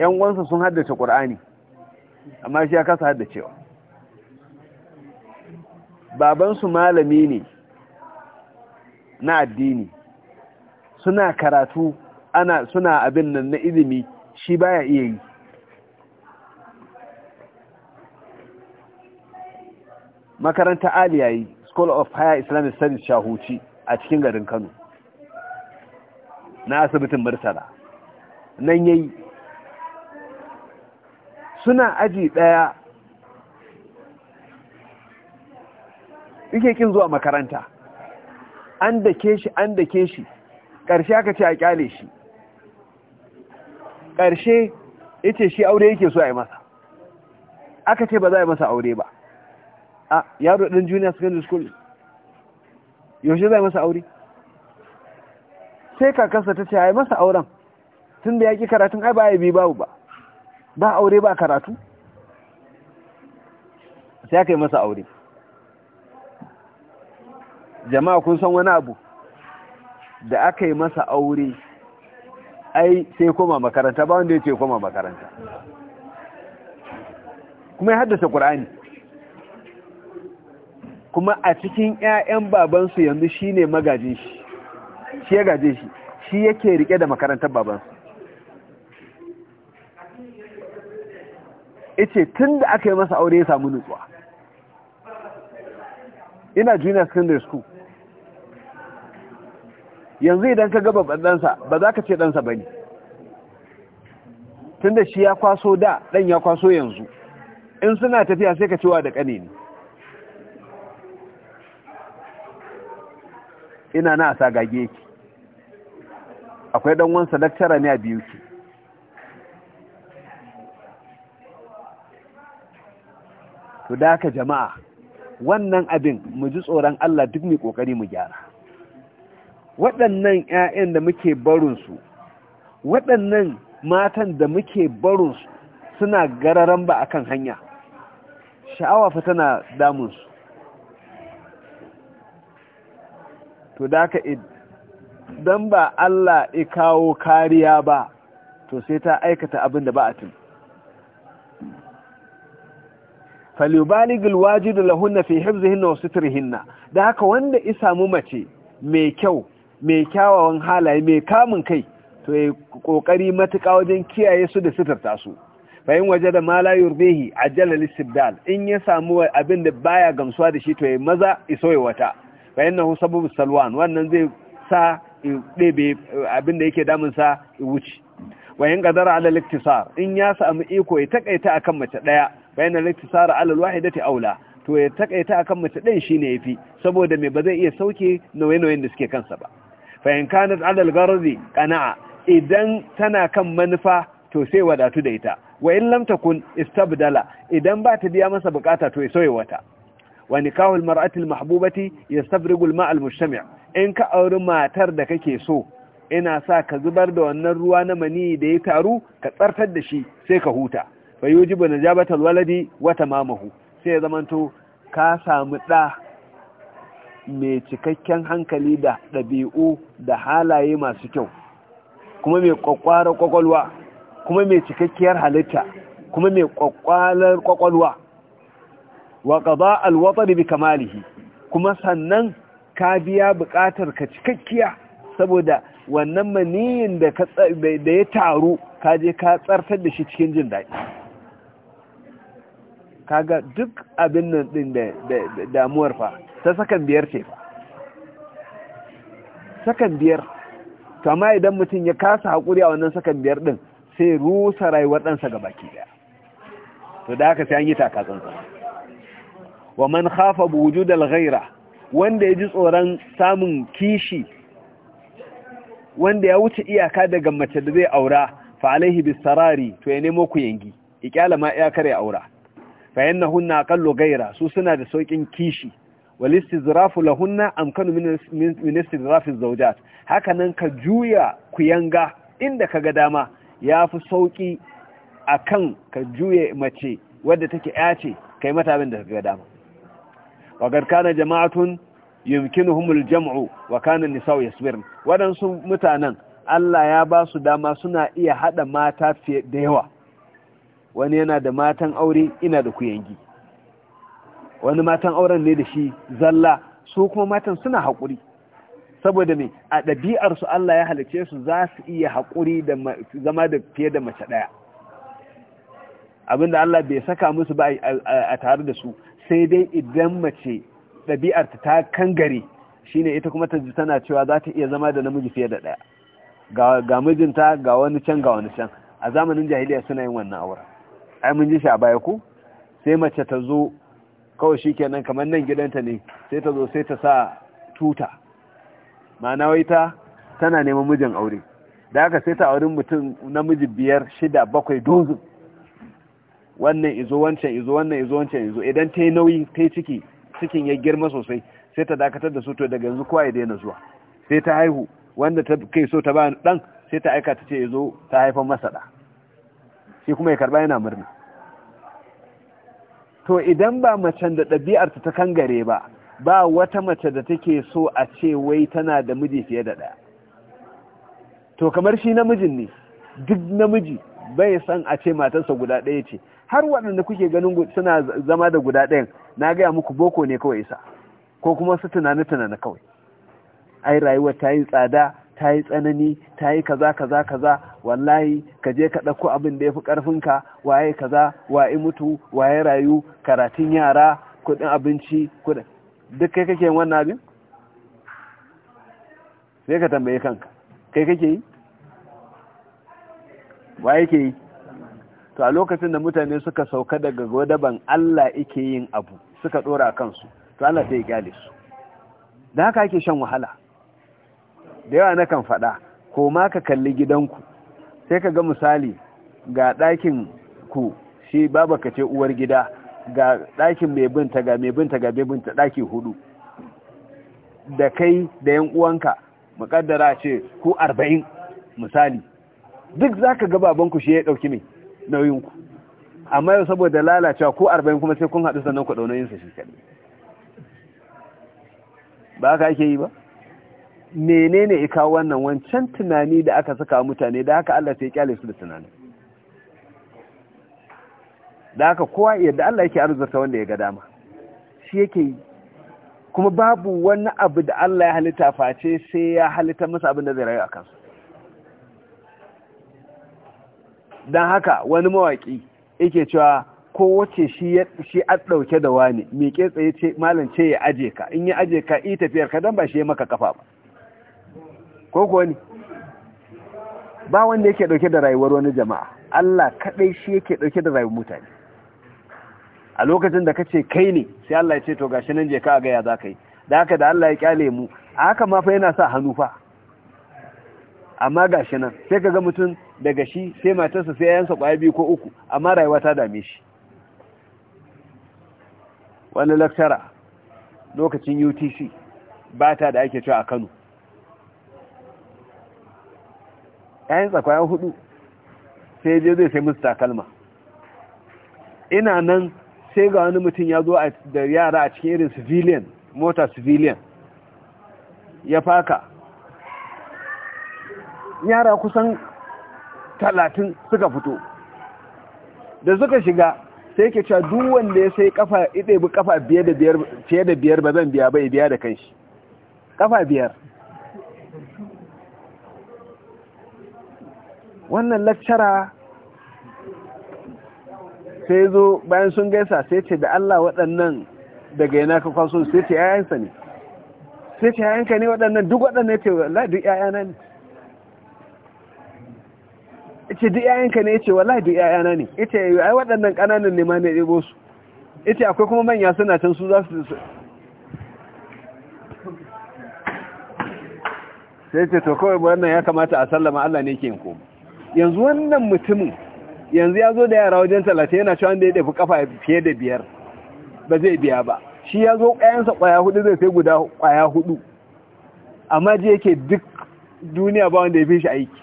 [SPEAKER 1] ‘yan wansa sun haddace ƙur'ani amma shi ya kasa haddacewa babansu malami ne na addini suna karatu ana suna abin nan na ilimi shi baya iya yi makaranta aliyayi school of higher islamic studies shahuci a cikin garin kano na asibitin murtala nan yayi suna aji daya yake kin zuwa makaranta an da ke shi an da ke shi Karshe aka ce a kyale shi Karshe yace shi aure yake so a yi masa aka ce ba za a yi masa aure ba a yaro ɗan junior secondary school yaushe zai masa aure sai kakarsa ta ce ai masa auren tun da ya ƙi karatun ai ba ya bi babu ba ba aure ba karatu sai aka yi masa aure jama'a kun san wani abu da aka yi masa aure ai sai koma makaranta ba wanda ya ce koma makaranta kuma ya haddasa ƙur'ani kuma a cikin 'ya'yan babansu yanzu shi ne magajin shi shi ya gaje shi shi yake rike da makarantar babansu ice tun da aka yi masa aure ya samu nutsuwa ina junior secondary school yanzu idan ka gaba ɗansa ba za ka ce ɗansa ba ne tun da shi ya kwaso da ɗan ya kwaso yanzu in suna tafiya sai ka cewa da ƙane ne ina na sa gage ki akwai dan wansa daktara ne a biyu ki to da jama'a wannan abin mu ji tsoron Allah duk mai kokari mu gyara waɗannan ƴaƴan da muke barinsu waɗannan matan da muke barinsu suna gararan ba akan hanya sha'awa fa tana damunsu to da ka idan ba Allah i kawo kariya ba to sai ta aikata abin da ba a tun Gilwaji, da lahunna fi hifzihinna wa sutrihinna da haka wanda ya samu mace mai kyau mai kyawawan halaye mai kamun kai to ya kokari matuƙa wajen kiyaye su da suturta su bayan waje da mala yurdihi ajala listibdal in ya samu abin da baya gamsuwa da shi to ya maza iso ya wata fa innahu sababu salwan wannan zai sa ɗebe eh, abin da yake damun sa wuce wayan gadara ala liktisar in ya samu iko ya takaita akan mace daya bayan liktisar ala alwahidati aula to ya takaita akan mace ɗin shine yafi saboda me ba zai iya sauke nauye-nauyen da suke kansa ba in kanat ala algarzi qana'a idan tana kan manufa to sai wadatu da ita wa in lam takun istabdala idan ba ta biya masa bukata to ya sauye wata wa kahul mar'atil mahbubati ya al-ma'a in ka auri matar da kake so ina sa ka zubar da wannan ruwa na mani da ya taru ka tsartar da shi sai ka huta fa yujibu najabatal waladi wa tamamahu sai ya zamanto ka samu ɗa mai cikakken hankali da ɗabi'u da halaye masu kyau kuma mai kwakwara kwakwalwa kuma mai cikakkiyar halitta kuma mai kwakwalar kwakwalwa wa qada al-watar bi kamalihi kuma sannan ka biya buƙatar ka cikakkiya saboda wannan maniyin da ya taru ka je ka tsartar da shi cikin jin daɗi kaga duk abin nan din da damuwar fa ta sakan biyar ce fa sakan biyar kama idan mutum ya kasa haƙuri a wannan sakan biyar din sai rusa rayuwar ɗansa ga baki ɗaya to da haka sai an yi takatsantsan wa man khafa bi wujud al-ghaira wanda yaji tsoron samun kishi wanda ya wuce iyaka daga mace da zai aura fa alaihi bisarari to ya nemo ku yangi ikyala ma kare aura fa yannahunna aqallu ghaira su suna da saukin kishi wal istizrafu lahunna amkanu min istizrafi zawjat haka nan ka juya ku yanga inda kaga dama ya fi sauki akan ka juye mace wadda take ya ce kai mata abin da kaga dama wagar kana jama'atun yumkinuhumul jam'u wa kana nisa'u yasbirn wadansu mutanen Allah ya ba su dama suna iya hada mata fiye da yawa wani yana da matan aure ina da kuyangi wani matan auren ne da shi zalla su kuma matan suna haƙuri saboda me a ɗabi'arsu Allah ya halice su za su iya haƙuri da zama da fiye da mace ɗaya abinda Allah bai saka musu ba a tare da su sai dai idan mace ɗabi'arta ta kangare shine ita kuma ta ji tana cewa za ta iya zama da namiji fiye da ɗaya ga mijinta ga wani can ga wani can a zamanin jahiliya suna yin wannan aure ai mun ji shi a baya ku sai mace ta zo kawai shi kenan kamar nan gidanta ne sai ta zo sai ta sa tuta ma'ana wai ta tana neman mijin aure da haka sai ta aurin mutum namiji biyar shida bakwai dozin wannan izo wancan izo wannan izo wancan izo idan ta yi nauyi ta ciki cikin ya girma sosai sai ta dakatar da su to daga yanzu kowa ya daina zuwa sai ta haihu wanda ta kai so ta ba dan sai ta aika ta ce yazo ta haifan masa da shi kuma ya karba yana murna to idan ba mace da ɗabi'arta ta kangare ba ba wata mace da take so a ce wai tana da miji fiye da ɗaya to kamar shi namijin ne duk namiji bai san a ce matarsa guda ɗaya ce har waɗanda kuke ganin suna zama da guda ɗayan na gaya muku boko ne kawai isa ko kuma su tunani tunani kawai ai rayuwar ta yi tsada ta yi tsanani ta yi kaza kaza kaza wallahi ka je ka ɗauko abin da ya fi ƙarfinka waye kaza waye mutu waye rayu karatun yara kuɗin abinci kuɗin duk kai kake wannan abin sai ka tambaye kanka kai kake yi waye ke yi to a lokacin da mutane suka sauka daga godaban Allah ike yin abu suka dora kansu to Allah sai ya gyale su da haka ake shan wahala da yawa na kan faɗa ko ma ka kalli gidanku sai ka ga misali ga ɗakin ku shi baba ka ce uwar gida ga ɗakin mai binta ga mai binta ga mai binta ɗaki hudu da kai da yan uwanka muƙaddara ce ku arba'in misali duk za ka ga babanku shi ya ɗauki mai nauyinku amma yau saboda lalacewa ko arba'in kuma sai kun haɗu sannan ku ɗaunayin sa shi kaɗai ba haka ake yi ba menene ika wannan wancan tunani da aka saka mutane da haka Allah sai ya kyale su da tunanin da haka kowa yadda Allah yake arzurta wanda ya ga dama shi yake yi kuma babu wani abu da Allah ya halitta face sai ya halitta masa abin da zai rayu a kansu don haka wani mawaƙi yake cewa ko wace shi a ɗauke da wani mai ke tsaye ce malam ce ya aje ka in ya aje ka yi tafiyar ka don ba shi ya maka kafa ba ko kuwa ne ba wanda yake ɗauke da rayuwar wani jama'a Allah kaɗai shi yake ɗauke da rayuwar mutane a lokacin da kace kai ne sai Allah ya ce to gashi nan je ka ga ya za ka yi da haka da Allah ya kyale mu a haka ma fa yana sa hannu fa amma ga shi nan sai ka ga mutum daga shi sai matarsa sai yayansa kwaya biyu ko uku amma rayuwa ta dame shi wani laktara lokacin utc ba ta da ake cewa a kano yayansa tsakwayan hudu sai je zai sai musu takalma ina nan sai ga wani mutum ya zo da yara a cikin irin civilian mota civilian ya faka yara kusan talatin suka fito da suka shiga sai ke cewa duk wanda ya sai kafa ita bi kafa biyar da biyar fiye da biyar ba zan biya bai biya da kanshi kafa biyar wannan lakcara sai zo bayan sun gaisa sai ce da Allah waɗannan daga yana ka kwaso sai ce yayansa ne sai ce yayanka ne waɗannan duk waɗannan ce wallahi duk yayana ne ce duk yayanka ne yace wallahi duk yayana ne yace ai waɗannan kananan ne ma ne ɗebo su yace akwai kuma manya suna can su za su sai ce to kawai wannan ya kamata a sallama Allah ne ke yin koma yanzu wannan mutumin yanzu ya zo da yara wajen talatin yana cewa da ya ɗafi kafa fiye da biyar ba zai biya ba shi ya zo ƙayansa ƙwaya hudu zai sai guda ƙwaya hudu amma ji yake duk duniya ba wanda ya fi shi aiki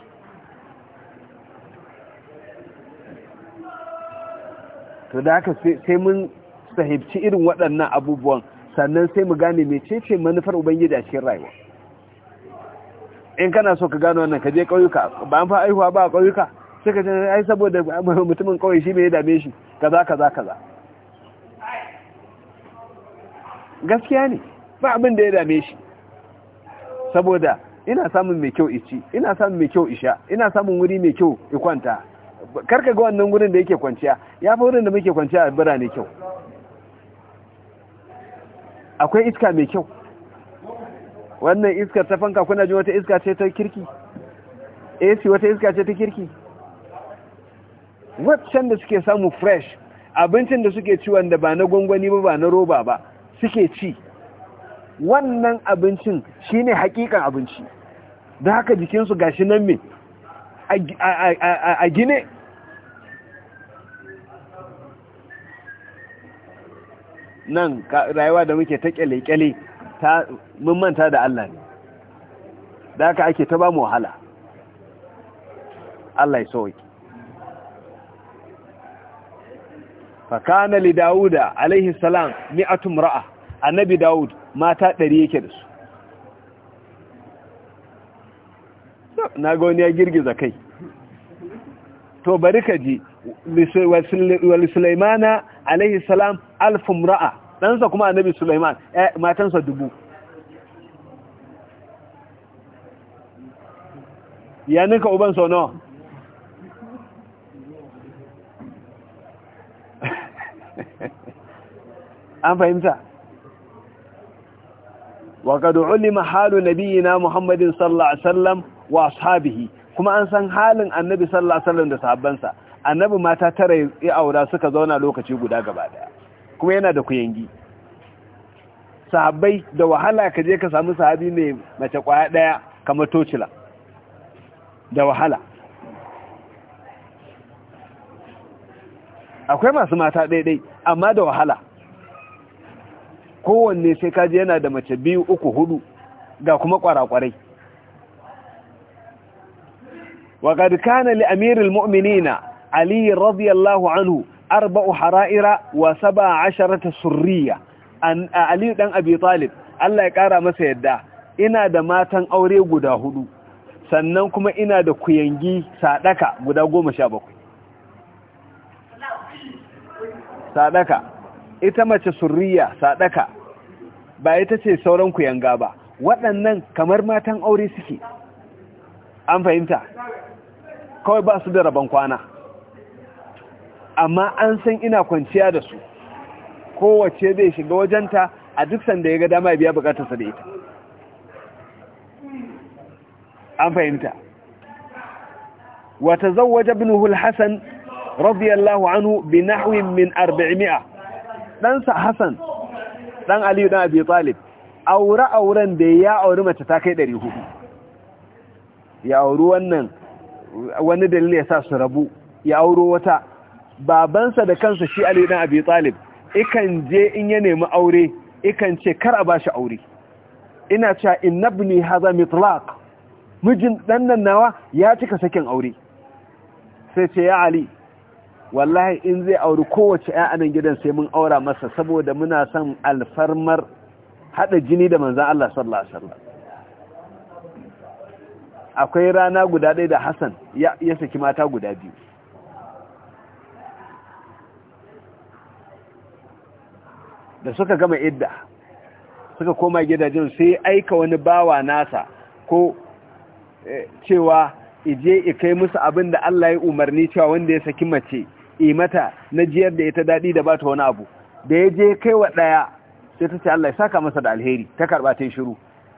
[SPEAKER 1] to da haka sai mun sahibci irin waɗannan abubuwan sannan sai mu gane mecece manufar ubangiji a cikin rayuwa in kana so ka gano wannan ka je ƙauyuka ba an fa aihuwa ba a ƙauyuka sai ka tana ai saboda mutumin ƙauye shi mai dame shi kaza kaza kaza gaskiya ne ba abin da ya dame shi saboda ina samun mai kyau ici ina samun mai kyau isha ina samun wuri mai kyau ikwanta karka ga wannan gurin da yake kwanciya ya fi wurin da muke kwanciya a birane kyau akwai iska mai kyau wannan iskar ta fanka kuna ji wata iska ce ta kirki ac wata iska ce ta kirki waccan da suke samu fresh abincin da suke ci wanda ba na gwangwani ba ba na roba ba suke ci wannan abincin shine hakikan abinci da haka jikinsu gashi nan me a gine nan rayuwa da muke ta kyale-kyale ta mun da Allah ne da aka ake ta ba mu wahala Allah ya sauki fakana li Dawuda alaihi salam mi'atum ra'a annabi Dawud, mata ɗari yake da su na ga ya girgiza kai to bari ka ji wa Sulaimana alaihi salam alfum ra'a ɗansa kuma annabi Sulaiman eh, matansa dubu ya ninka uban sau nawa an fahimta wa qad ulima halu na Muhammadin sallallahu alaihi wasallam wa sahabihi kuma an san halin annabi sallallahu alaihi da sahabbansa annabi mata tara ya aura suka zauna lokaci guda gaba daya kuma yana da kuyangi sahabbai da wahala ka je ka samu sahabi mai mace kwaya daya kamar tocila da wahala akwai masu mata daidai amma da wahala kowanne sai kaji yana da mace biyu uku hudu ga kuma kwarakwarai wa kad kana li mu'minina Aliyu radiyallahu anhu arba'u hara'ira wa saba asharata surriya an ali dan abi Allah ya kara masa yadda ina da matan aure guda hudu sannan kuma ina da kuyangi sadaka guda goma sha bakwai sadaka ita mace surriya sadaka ba ita ce sauran kuyanga ba waɗannan kamar matan aure suke an fahimta kawai ba su da rabon kwana amma an san ina kwanciya da su kowace zai shiga wajenta a duk sanda ya ga dama biya sa da ita an fahimta wata zawaja binuhul hassan radiyallahu anhu bi nahwin min arba'imi'a ɗansa hassan ɗan aliyu ɗan abi talib aure-auren da ya auri mace ta kai ɗari hudu ya auri wannan wani dalil ya sa su rabu ya auro wata babansa da kansa shi Ali dan Abi Talib ikan je in ya nemi aure ikan ce kar a bashi aure ina cewa innabni hadha mitlaq mijin dan nan nawa ya cika sakin aure sai ce ya Ali wallahi in zai auri kowace ƴa anan gidan sai mun aura masa saboda muna son alfarmar haɗa jini da manzan Allah sallallahu alaihi wasallam akwai rana guda ɗaya da Hassan ya saki mata guda biyu da suka gama idda suka koma gidajen sai aika wani bawa nasa ko eh, cewa ije ikai musu abin da Allah ya umarni cewa wanda ya saki mace imata na jiyar da ita daɗi da bata wani abu da ya je kai wa ɗaya sai ta ce Allah ya saka masa da alheri ta karɓa ta shiru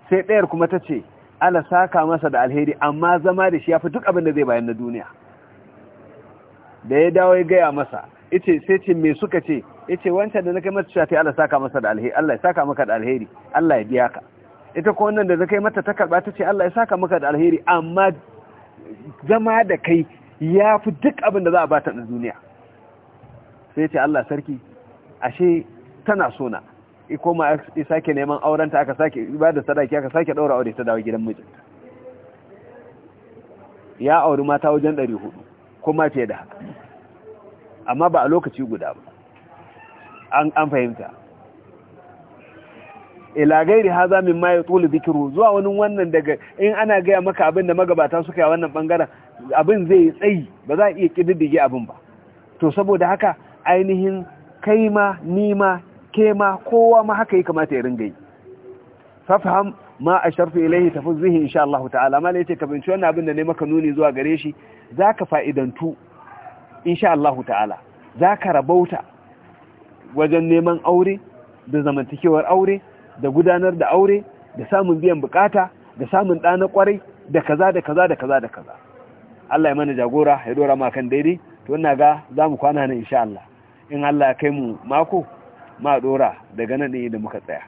[SPEAKER 1] sai ɗayar kuma ta ce Allah saka masa da alheri amma zama da shi ya fi duk abin da zai bayan na duniya da ya dawo ya gaya masa ita sai ce me suka ce yace wancan da kai mata shafi Allah saka masa da alheri Allah ya saka maka da alheri Allah ya biya ka ita ko wannan da zakai mata ta karba ce Allah ya saka maka da alheri amma zama da kai ya fi duk abin da za a bata na duniya sai ce Allah sarki ashe tana sona iko ma ya sake neman auren ta aka sake ba da sadaki aka sake daura aure ta dawo gidan mijinta ya auri mata wajen 400 kuma fiye da haka amma ba a lokaci guda ba an fahimta ila gairi haza min ma ya tsoli zikiru zuwa wani wannan daga in ana gaya maka abin da magabata suka yi wannan bangaren abin zai tsayi ba za a iya kididdige abin ba to saboda haka ainihin kai ma ni ma ke ma kowa ma haka yi kamata ya ringa yi fafaham ma a sharfi ilaihi tafi zuhi insha Allah ta'ala ma ne ce ka binci wannan abin da ne maka nuni zuwa gare shi za ka fa'idantu insha Allah ta'ala za ka rabauta wajen neman aure da zamantakewar aure da gudanar da aure da samun biyan bukata da samun ɗana kwarai da kaza da kaza da kaza da kaza Allah ya mana jagora ya dora ma kan daidai to ina ga za mu kwana nan insha Allah in Allah ya kai mu mako ma dora daga nan ne da muka tsaya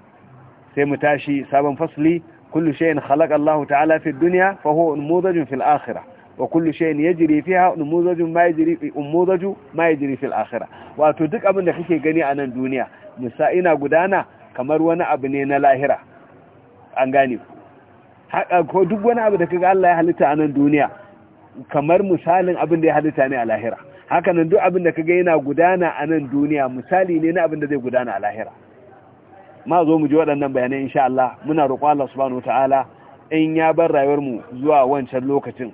[SPEAKER 1] sai mu tashi sabon fasli kullu shay'in khalaqa Allah ta'ala fi duniya, fa huwa mudajun fil akhirah wa kullu shay'in yajri fiha umuzajun ma yajri umuzaju ma yajri fil akhirah wato duk abin da kake gani a nan duniya musa'ina gudana kamar wani abu ne na lahira an gane ko duk wani abu da kaga Allah ya halitta a nan duniya kamar misalin abin da ya halitta ne a lahira haka nan duk abin da kaga yana gudana a nan duniya misali ne na abin da zai gudana a lahira ma zo mu ji waɗannan bayanai insha Allah muna roƙon Allah subhanahu wataala in ya bar rayuwar mu zuwa wancan lokacin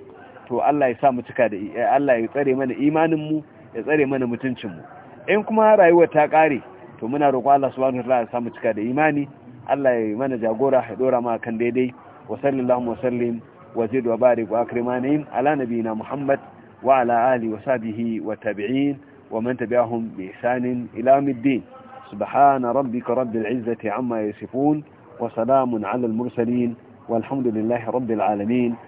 [SPEAKER 1] to Allah ya sa mu cika da eh, Allah ya tsare mana imanin mu ya tsare mana mutuncin mu in kuma rayuwa ta kare to muna roƙo Allah subhanahu wataala ya sa mu cika da imani Allah ya mana jagora ya dora ma kan daidai wa sallallahu wa sallim wa zid wa barik wa akrimani ala nabiyina Muhammad wa ala ali wa sahbihi wa tabi'in wa man tabi'ahum bi ihsanin ila yawmiddin سبحان ربك رب العزة عما يصفون وسلام على المرسلين والحمد لله رب العالمين